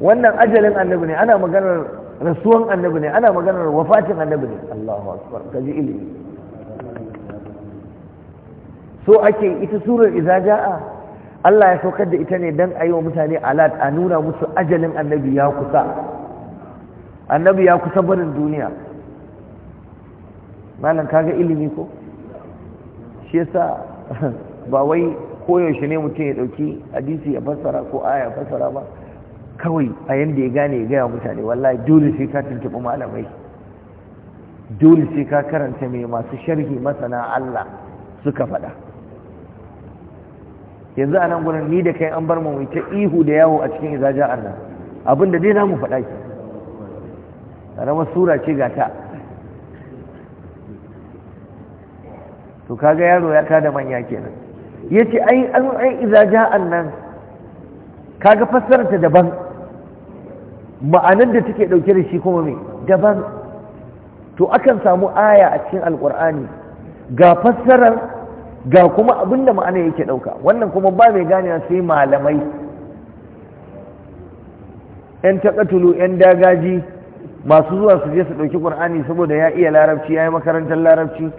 wannan ajalin annabi ne ana maganar rasuwan annabi ne ana maganar wafatin annabi ne Allahu akbar kaji ilimi so ake ita surar idza ja'a Allah ya saukar da ita ne don a yi wa mutane alat a nuna musu ajalin annabi ya kusa annabi ya kusa barin duniya malam kaga ilimi ko shi yasa ba wai koyaushe ne mutum ya dauki hadisi ya fassara ko aya ya fassara ba kawai a yadda ya gane ya gaya mutane wallahi dole sai ka tuntuɓi malamai dole sai ka karanta mai masu sharhi masana Allah suka faɗa yanzu a nan gudun ni da kai an bar mu ta ihu da yawo a cikin izajen Allah abinda dai za mu faɗa ki karamar sura ce ga ta to kaga yaro ya kada manya kenan yace ai an ai izajen annan kaga fassarar ta daban ma'anar da take dauke da shi kuma me daban to akan samu aya a cikin alqur'ani ga fassarar ga kuma abin da ma'ana yake ɗauka wannan kuma ba mai ganewa sai malamai yan takatulu yan dagaji masu zuwa su je su ɗauki ƙur'ani saboda ya iya larabci ya yi makarantar larabci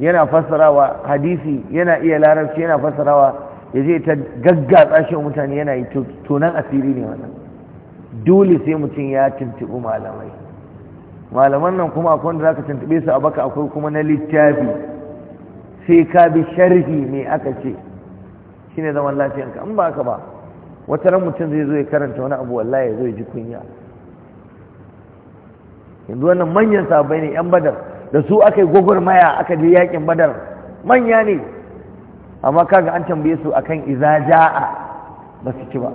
yana fassarawa hadisi yana iya larabci yana fassarawa ya je ta gaggatsa shi mutane yana yi tunan asiri ne wannan dole sai mutum ya tuntuɓi malamai malaman nan kuma akwai wanda za ka tuntuɓe su a baka akwai kuma na littafi sai ka bi sharhi me aka ce shine zaman lafiyanka in ba ka ba wata ran mutum zai zo ya karanta wani abu wallahi ya zo ya ji kunya yanzu wannan manyan sabai ne yan badar da su aka yi maya aka je yakin badar manya ne amma kaga an tambaye su akan iza ja'a ba su ci ba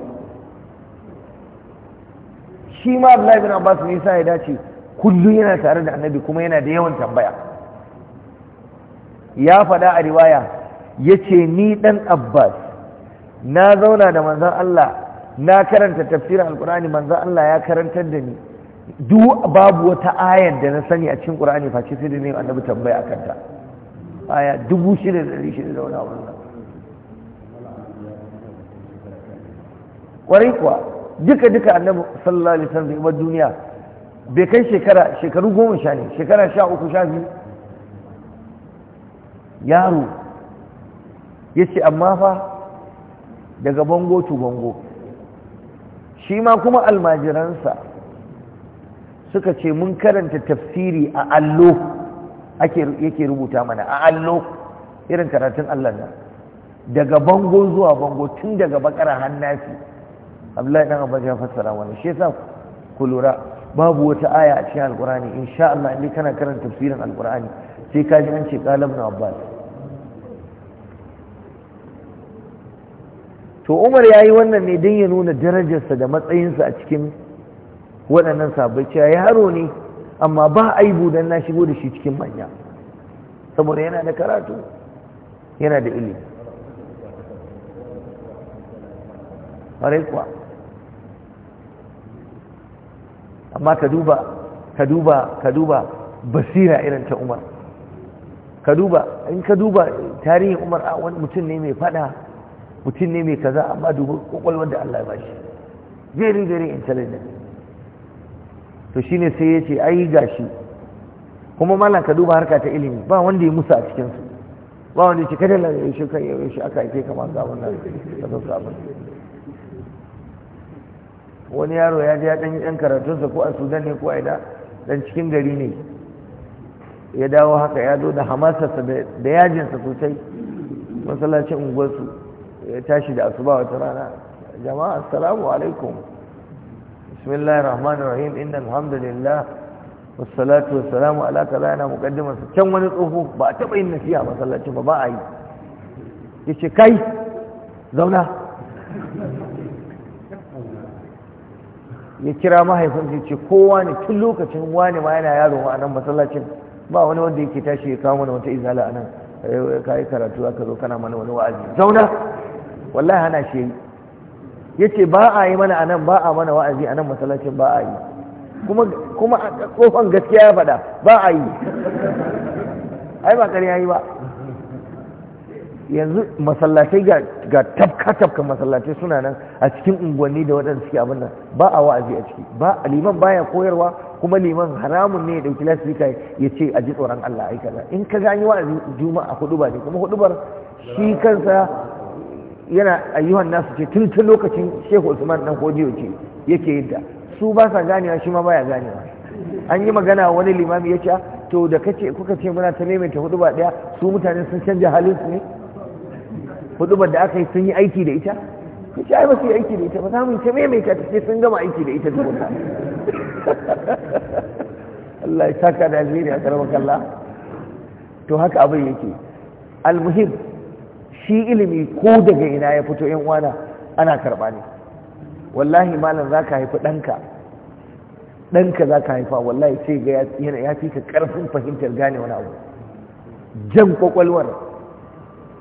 shi ma Abdullahi bin Abbas ne ya dace kullum yana tare da Annabi kuma yana da yawan tambaya ya faɗa a riwaya ya ce ni ɗan abbas na zauna da manzan Allah na karanta tafsirin alkur'ani manzan Allah ya karantar da ni duk babu wata ayar da na sani a cikin ƙur'ani face sai da ne annabi tambaya a kanta aya shida da shida wani abu kwarai kuwa duka duka annabi sallallahu alaihi wasallam da duniya bai kai shekara shekaru goma sha ne shekara sha uku sha biyu yaro ya ce amma fa daga bango to bango shi ma kuma almajiransa suka ce mun karanta tafsiri a allo yake rubuta mana a allo irin karatun allah na daga bango zuwa bango tun daga bakara hannafi abdullahi dan abbas ya fassara wani shi yasa ku lura babu wata aya a cikin alqur'ani insha Allah in kana karanta tafsirin alqur'ani sai kaji ji an ce qalam na abbas to umar ya yi wannan ne don ya nuna darajarsa da matsayinsa a cikin waɗannan sabai cewa yaro ne amma ba aibu don na shigo da shi cikin manya saboda yana da karatu yana da ilimi kuwa amma ka duba ka duba ka duba basira irin ta umar ka duba in ka duba tarihin umar a wani mutum ne mai fada mutum ne mai kaza amma dubu kwakwalwar da Allah ya bashi very very intelligent to shi ne sai ya ce ai gashi kuma malam ka duba harka ta ilimi ba wanda ya musa a cikinsu. ba wanda ya ce kada ya shi kai ya shi aka ake kamar ga wannan da zo sabon wani yaro ya je ya dan yan karatunsa ko a Sudan ne ko a ina dan cikin gari ne ya dawo haka ya zo da hamasarsa da yajinsa sosai masallacin unguwarsu ya tashi da asuba wata rana jama'a assalamu alaikum bismillahir rahmanir rahim innal hamdalillah wassalatu wassalamu ala kaza yana muqaddima can wani tsoho ba a taba yin nasiha masallacin ba ba a yi yace kai zauna ya kira mahaifinsa ce kowa ne tun lokacin wani ma yana yaro a nan masallacin ba wani wanda yake tashi ya kawo mana wata izala a nan ka yi karatu aka zo kana mana wani wa'azi zauna wallahi hana shi yayi yace ba a yi mana anan ba a mana wa'azi anan masallacin ba a yi kuma kuma kofan gaskiya ya faɗa ba a yi ai ba ya yi ba yanzu masallatai ga tafka-tafka masallatai suna nan a cikin unguwanni da waɗanda suke abin nan ba a wa'azi a ciki ba a liman baya koyarwa kuma liman haramun ne ya ɗauki lasifika ya ce a ji tsoron Allah ai in ka gani wa'azi juma'a ba ne kuma hudubar shi kansa yana ayyuhan nasu ce tun tun lokacin shehu usman dan hodiyo ce yake yin ta su ba sa ganewa shi ma baya ganewa an yi magana wani limami ya ce ah, to da kace kuka ce muna ta maimaita hudu ba daya su mutane sun canja halin su ne hudu da aka yi sun yi aiki da ita ku ce ai ba su yi aiki da ita ba za mu yi ta maimaita ta ce sun gama aiki da ita tukuna Allah ya saka da alheri a karamar to haka abin yake almuhim shi ilimi ko daga ina ya fito yan uwana ana karɓa ne wallahi malam za ka haifi ɗanka ɗanka za ka haifa wallahi sai ga ya fi ka ƙarfin fahimtar gane wani abu jan kwakwalwar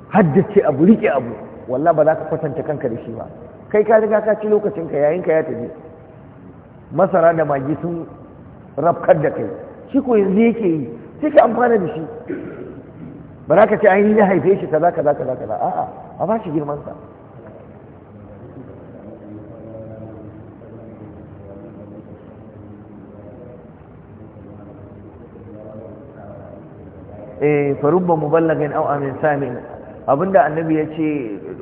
haddace abu riƙe abu wallahi ba za ka kwatanta kanka da shi ba kai ka riga ka ci yayin ka ya tafi masara da magi sun rafkar da kai shi ko yanzu yake yi sai ka amfana da shi ba za ka ce ainihin ya haife shi kaza kaza kaza kaza a'a a ba shi girmansa eh farubba muballagin au amin samin abinda annabi ya ce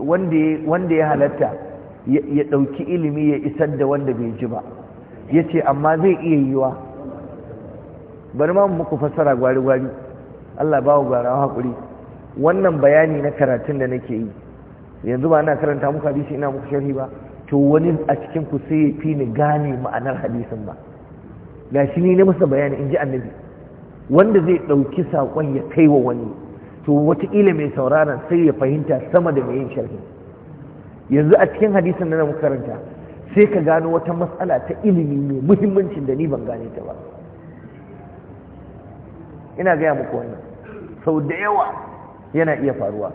wanda ya halatta ya ɗauki ilimi ya isar da wanda bai ji ba ya ce amma zai iya yiwa bari ma muku fassara gwari-gwari Allah ba wa gwarawa haƙuri wannan bayani na karatun da nake yi yanzu ba na karanta muku hadisi ina muku sharhi ba to wani a cikin ku sai ya fi ni gane ma'anar hadisin ba ga shi ne na masa bayani in ji annabi wanda zai ɗauki saƙon ya kai wa wani to wataƙila mai sauraron sai ya fahimta sama da mai yin sharhi yanzu a cikin hadisin da na muku karanta sai ka gano wata matsala ta ilimi mai muhimmancin da ni ban gane ta ba ina gaya muku wannan sau da yawa yana iya faruwa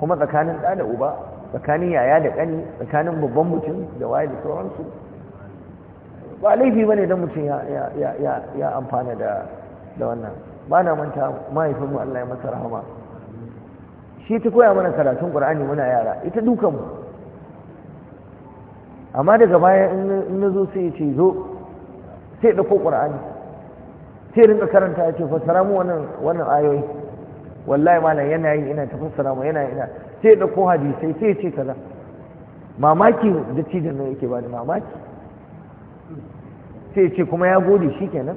kuma tsakanin ɗa da uba tsakanin yaya da ƙani tsakanin babban mutum da waye da sauransu ba laifi ba ne don mutum ya amfana da wannan ba na manta mahaifinmu Allah ya masa rahama shi ta koya mana karatun Kur'ani muna yara ita dukanmu amma daga baya in na zo sai ce zo sai ɗauko ƙur'ani sai rinka karanta ya ce fassara mu wannan wannan ayoyi wallahi malam yana yi ina ta fassara mu yana ina sai da ko hadisai sai ce kaza mamaki da cijin nan yake bani mamaki sai ce kuma ya gode shi kenan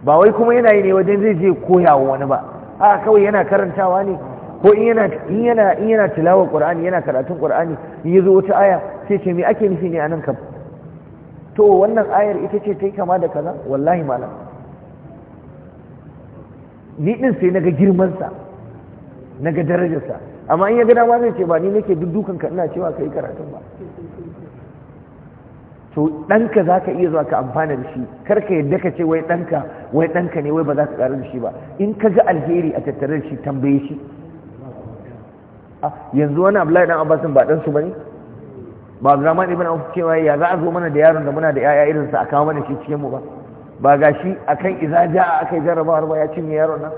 ba wai kuma yana yi ne wajen zai je koyawa wani ba a kawai yana karantawa ne ko in yana in yana in yana tilawa qur'ani yana karatun qur'ani in yazo wata aya sai ce me ake nufi ne anan kam to wannan ayar ita ce ta yi kama da kaza wallahi malam ni din sai naga girmansa naga darajarsa amma in ya gada ma zai ce ba ni nake duddukan ka ina cewa kai karatun ba to ɗanka za ka iya zuwa ka amfana da shi kar ka yadda ka ce wai ɗanka wai ɗanka ne wai ba za ka ƙara da shi ba in ka ga alheri a tattare da shi tambaye shi ah, yanzu wani abu lai ɗan abbasin ba ɗansu ba ne ba Abdurrahman ibn Auf cewa ya za a zo mana da yaron da muna da yaya irin sa a kawo mana shi cikin mu ba ba gashi akan idza jaa akai jarrabawar ba ya cinye yaron nan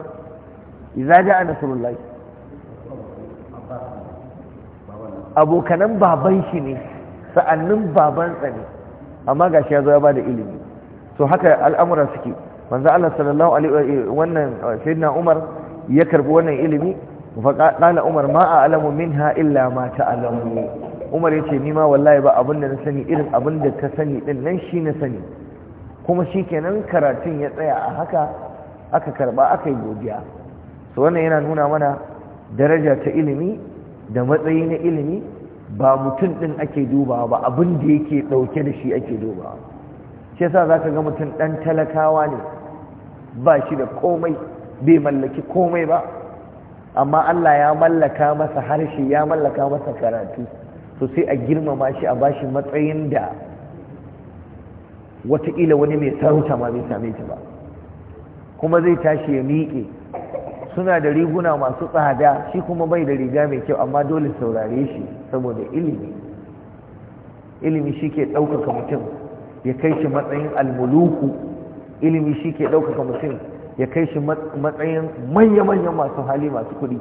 idza jaa nasrullah abokanan baban shi ne sa'annin baban sa ne amma gashi ya zo ya bada ilimi to haka al'amura suke manzo Allah sallallahu alaihi wannan eh, sayyidina Umar ya karbi wannan ilimi fa qala Umar ma a'lamu minha illa ma ta'lamu umar ya ce ni ma wallahi ba abinda na sani irin abinda da ka sani din nan shi na sani kuma shi kenan karatun ya tsaya a haka aka karba aka yi godiya su wannan yana nuna mana daraja ta ilimi da matsayi na ilimi ba mutum din ake duba ba abinda da yake dauke da shi ake duba shi yasa ka ga mutum dan talakawa ne ba shi da komai bai mallaki komai ba amma Allah ya mallaka masa harshe ya mallaka masa karatu so sai a girmama shi a bashi matsayin da wataƙila wani mai sarauta ma bai same ta ba kuma zai tashi ya miƙe suna da riguna masu tsada shi kuma bai da riga mai kyau amma dole saurare shi saboda ilimi ilimi shi ke ɗaukaka mutum ya kai shi matsayin almuluku ilimi shi ke ɗaukaka mutum ya kai shi matsayin manya-manyan masu hali masu kuɗi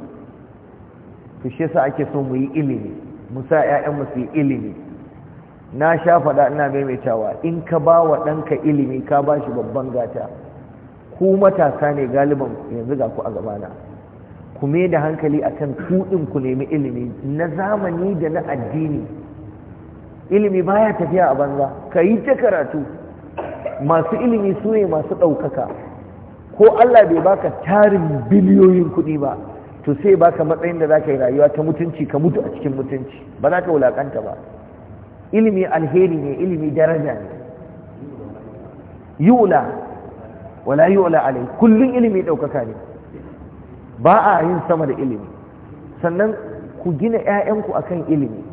to shi yasa ake so mu yi ilimi musa ‘ya'yanmu su yi ilimi na sha faɗa ina maimaitawa in ka ba wa ɗanka ilimi ka ba shi babban gata ku matasa ne galiban yanzu ga ku a gabana ku mai da hankali a kan kuɗin ku nemi ilimi na zamani da na addini ilimi baya tafiya a banza ka yi ta karatu masu ilimi su ne masu ɗaukaka ko Allah bai baka tarin biliyoyin kuɗi ba to sai ka matsayin da zaka yi rayuwa ta mutunci ka mutu a cikin mutunci ba za ka wulaƙanta ba ilimi alheri ne ilimi daraja ne yula wala yula alai kullun ilimi ɗaukaka ne ba a yin sama da ilimi sannan ku gina ƴaƴanku akan ilimi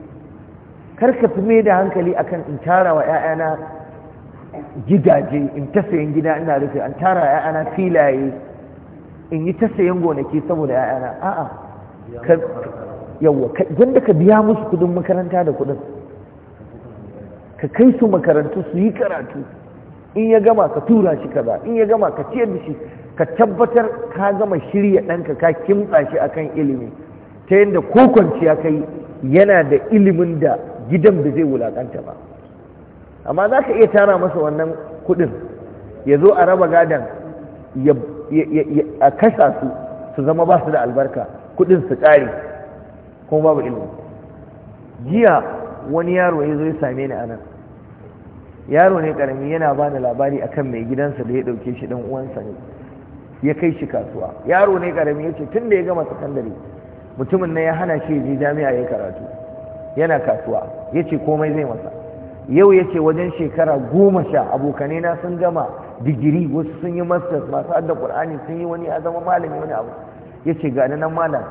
kar ka fi mai da hankali akan in tara wa ƴaƴana gidaje in ta gida ina rufe an tara 'ya'yana filaye in yi ta sayan gonaki saboda ‘ya'yana a'a yawwa wanda ka biya musu kudin makaranta da kudin ka kai su makarantu su yi karatu in ya gama ka tura shi kaza in ya gama ka ciyar da shi ka tabbatar ka gama shirya ɗanka ka kimtsa shi akan ilimi ta yadda ko kwanciya kai yana da ilimin da gidan da zai wulakanta ba amma za ka iya tara masa wannan kuɗin ya zo a raba gadon a kasha su su zama ba su da albarka kudin su kare kuma babu ilimi jiya wani yaro ya zo ya same ni a nan yaro ne karami yana ba da labari akan mai gidansa da ya ɗauke shi ɗan uwansa ne ya kai shi kasuwa yaro ne karami ya ce tun da ya gama sakandare mutumin na ya hana shi je jami'a ya karatu yana kasuwa ya ce komai zai masa yau ya ce wajen shekara goma sha abokanai na sun gama digiri wasu sun yi masters masu adda qur'ani sun yi wani ya zama malami wani abu yace ga nan malam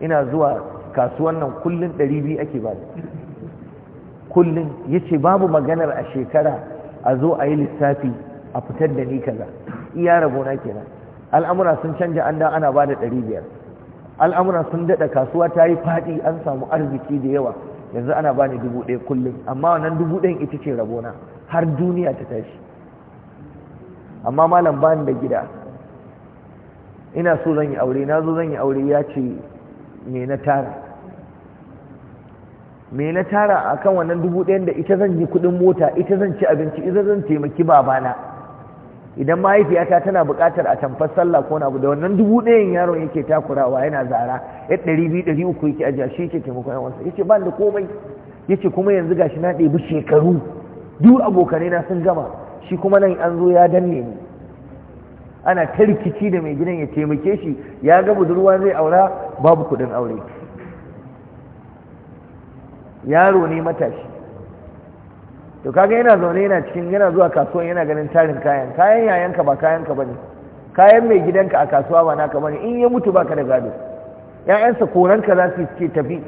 ina zuwa kasuwan nan kullun 200 ake ba kullun yace babu maganar a shekara a zo a yi lissafi a fitar da ni kaza iya rabona kenan al'amura sun canja an da ana bada da 500 al'amura sun dada kasuwa ta yi fadi an samu arziki da yawa yanzu ana bani dubu ɗaya kullum amma wannan dubu ɗayan ita ce rabona har duniya ta tashi amma malam bani da gida ina so zan yi aure na zo zan yi aure ya ce me na tara me na tara a kan wannan dubu ɗayan da ita zan yi kuɗin mota ita zan ci abinci ita zan taimaki babana idan mahaifiyata tana buƙatar a tamfar sallah ko abu da wannan dubu ɗayan yaron yake takurawa yana zara ya ɗari biyu ɗari uku yake ajiya shi yake taimakon yan wasa yace ban da komai yace kuma yanzu gashi na ɗebi shekaru duk abokanai na sun gama shi kuma nan an zo ya danne ni ana ta rikici da mai gidan ya taimake shi ya ga budurwa zai aura babu kudin aure yaro ne matashi to kaga yana zaune yana cikin yana zuwa kasuwa yana ganin tarin kayan kayan yayanka ba kayanka bane kayan mai gidanka a kasuwa ba naka bane in ya mutu baka da gado ƴaƴansa koranka za su ce tafi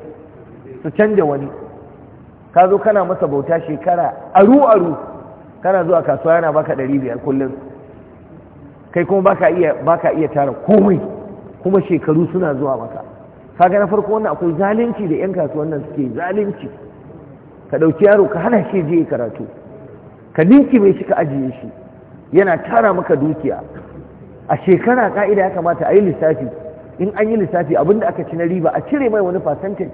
su canja wani ka zo kana masa bauta shekara aru aru kana zuwa kasuwa yana baka ɗari biyar kullum kai kuma baka iya baka iya tara komai kuma shekaru suna zuwa maka kaga na farko wannan akwai zalunci da yan kasuwan nan suke zalunci ka ɗauki yaro ka hana shi je karatu ka dinki mai shi ka ajiye shi yana tara maka dukiya a shekara ka'ida ya kamata a yi lissafi in an yi lissafi abinda aka ci na riba a cire mai wani fasantac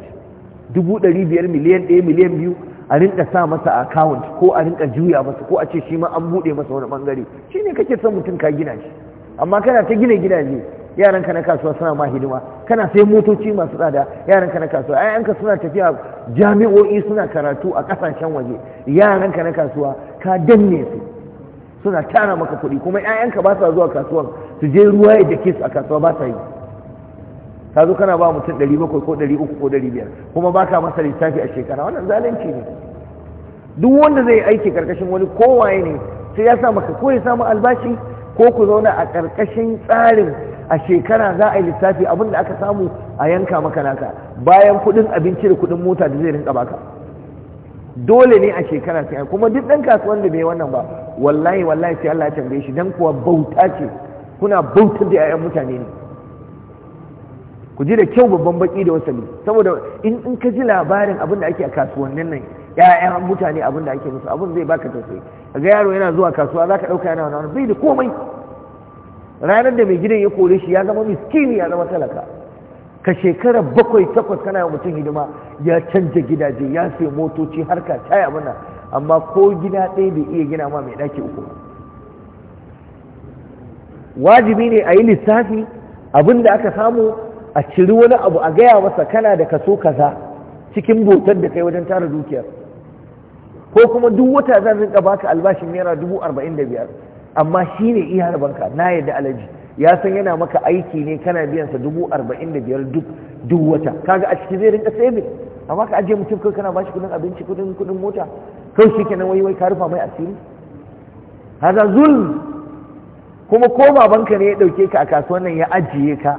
dubu ɗari biyar miliyan ɗaya miliyan biyu a rinka sa masa account ko a rinka juya masa ko a ce shi ma an bude masa wani bangare shi ne kake son mutum ka gina shi amma kana ta gina gidaje yaran ka na kasuwa suna ma hidima kana sai motoci masu tsada yaran ka na kasuwa ai ka suna tafiya jami'o'i suna karatu a kasashen waje yaran ka na kasuwa ka danne su suna tara maka kuɗi kuma 'ya'yanka ba sa zuwa kasuwan su je ruwa ya da su a kasuwa ba sa yi ka zo kana ba mutum ɗari bakwai ko ɗari uku ko ɗari biyar kuma baka masa lissafi a shekara wannan zalunci ne duk wanda zai aiki karkashin wani kowaye ne sai ya sa maka ko ya samu albashi ko ku zauna a karkashin tsarin a shekara za a yi lissafi abin da aka samu a yanka maka naka bayan kuɗin abinci da kuɗin mota da zai rinka ka? dole ne a shekara sai kuma duk ɗan kasuwan da bai wannan ba wallahi wallahi sai Allah ya tambaye shi dan kuwa bauta ce kuna bautar da 'ya'yan mutane ne ku ji da kyau babban baki da wasali saboda in ka ji labarin abin da ake a kasuwannin nan ya'yan mutane abin da ake musu abin zai baka tausayi ga yaro yana zuwa kasuwa za ka ɗauka yana wani bai da komai ranar da mai gidan ya kore shi ya zama miskini ya zama talaka ka shekara bakwai takwas kana yi mutum hidima ya canja gidaje ya sai motoci harka caya abin mana amma ko gida ɗaya bai iya gina ma mai ɗaki uku wajibi ne a yi lissafi abin da aka samu a ciri wani abu a gaya masa kana da kaso kaza cikin botar da kai wajen tara dukiyar ko kuma duk wata zan rinka baka albashin naira dubu arba'in da biyar amma shi ne iya banka, na yadda alaji ya san yana maka aiki ne kana biyansa dubu arba'in da biyar duk duk wata kaga a ciki zai rinka sai amma ka ajiye mutum kai kana bashi kudin abinci kudin kudin mota kawai shi kenan wai wai ka rufa mai asiri haza zulm kuma ko babanka ne ya dauke ka a kasuwan nan ya ajiye ka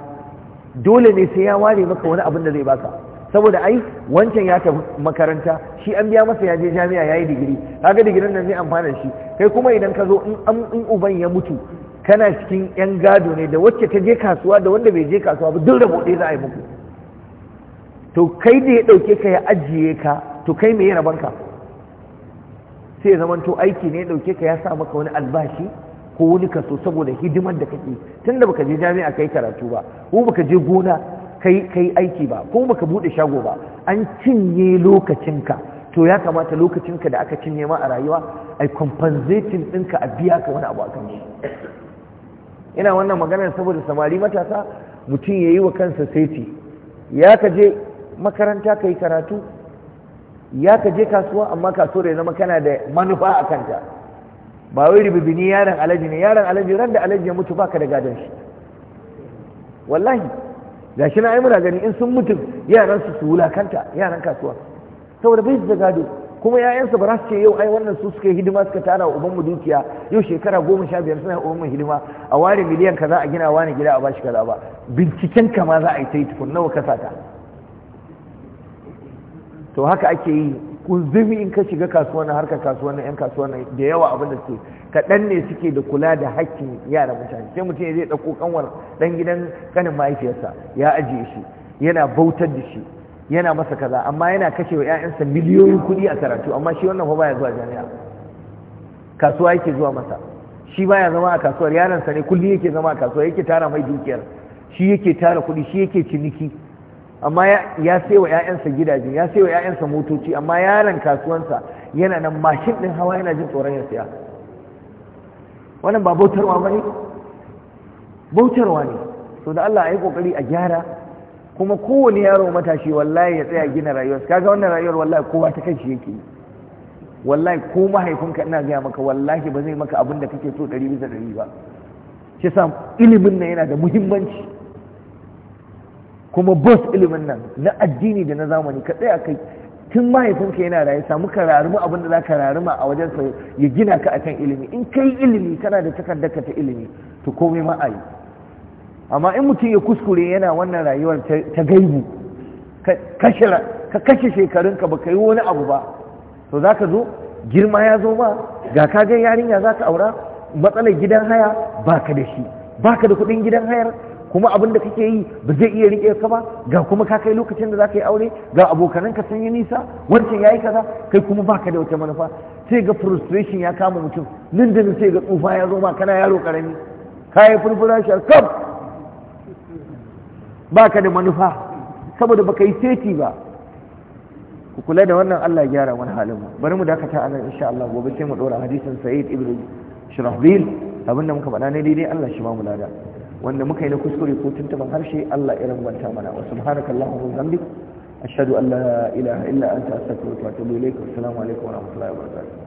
dole ne sai ya ware maka wani abin da zai baka saboda ai wancan ya tafi makaranta shi an biya masa ya je jami'a ya yi digiri kaga digirin nan zai amfana shi kai kuma idan ka zo in uban ya mutu kana cikin yan gado ne da wacce ta je kasuwa da wanda bai je kasuwa ba duk rabo ɗaya za a yi muku to kai da ya ɗauke ka ya ajiye ka to kai me rabanka sai ya zamanto aiki ne ya ɗauke ka ya sa maka wani albashi ko wani kaso saboda hidimar da kake tunda baka je jami'a kai karatu ba ko baka je gona kai kai aiki ba ko baka bude shago ba an cinye lokacinka to ya kamata lokacinka da aka cinye ma a rayuwa ai compensating ɗinka a biya ka wani abu akan shi ina wannan magana saboda samari matasa mutum yayi wa kansa saiti ya ka je makaranta ka karatu ya ka je kasuwa amma kasuwar ya zama kana da manufa a kanta ba wai ribibini yaron alaji ne yaron alaji ran da alaji ya mutu baka da gadon shi wallahi shi na ai gani in sun mutu yaran su su wulakanta yaran kasuwa saboda bai da gado kuma yayansa ba za su ce yau ai wannan su suka hidima suka tara wa ubanmu dukiya yau shekara goma sha biyar suna ubanmu hidima a ware miliyan kaza a gina wani gida a bashi kaza ba binciken ka ma za a yi ta yi tukun nawa ka sata to haka ake yi kunzumi in ka shiga kasuwannin harkar kasuwannin yan kasuwannin da yawa abin da su kaɗan ne suke da kula da hakkin yara mutane sai mutum zai ɗauko kanwar ɗan gidan kanin mahaifiyarsa ya ajiye shi yana bautar da shi yana masa kaza amma yana kashe wa 'ya'yansa miliyoyin kuɗi a karatu amma shi wannan fa baya zuwa jami'a kasuwa yake zuwa masa shi baya zama a kasuwar yaransa ne kullum yake zama a kasuwa yake tara mai dukiyar shi yake tara kuɗi shi yake ciniki amma ya sai wa 'ya'yansa gidaje ya sai wa 'ya'yansa motoci amma yaron kasuwansa yana nan mashin ɗin hawa yana jin tsoron ya siya wannan ba bautarwa ba ne bautarwa ne so da Allah a yi ƙoƙari a gyara kuma kowane yaro matashi wallahi ya tsaya gina rayuwarsa kaga wannan rayuwar wallahi kowa ta kanshi yake wallahi ko mahaifinka ina gaya maka wallahi ba zai maka abin da kake so ɗari bisa ɗari ba shi sa ilimin nan yana da muhimmanci kuma bos ilimin nan na addini da na zamani ka tsaya kai tun mahaifinka yana rayu samu ka raruma abin da za ka raruma a wajen sa ya gina ka akan ilimi in kai ilimi kana da takardaka ta ilimi to komai ma ayi amma in mutum ya kuskure yana wannan rayuwar ta gaibu ka kashe shekarunka ba ka yi wani abu ba to za ka zo girma ya zo ma ga ka ga yarinya za ka aura matsalar gidan haya ba ka da shi ba ka da kuɗin gidan hayar kuma abin da kake yi ba zai iya riƙe ka ba ga kuma ka kai lokacin da za ka yi aure ga abokananka sun yi nisa wancan ya yi kaza kai kuma ba ka da wata manufa sai ga frustration ya kama mutum nan da sai ga tsufa ya zo ma kana yaro karami ka yi furfura shi ba ka da manufa saboda baka yi seti ba ku kula da wannan Allah ya gyara wani halin mu bari mu dakata a nan insha Allah gobe sai mu dora hadisin Sa'id ibn Shurahbil abinda muka faɗa ne daidai Allah shi ba mu lada wanda muka yi na kuskure ko tuntuban harshe Allah irin banta mana wa subhanakallahu allahumma wa bihamdik ashhadu an la ilaha illa anta astaghfiruka wa atubu ilaik assalamu alaikum wa rahmatullahi wa barakatuh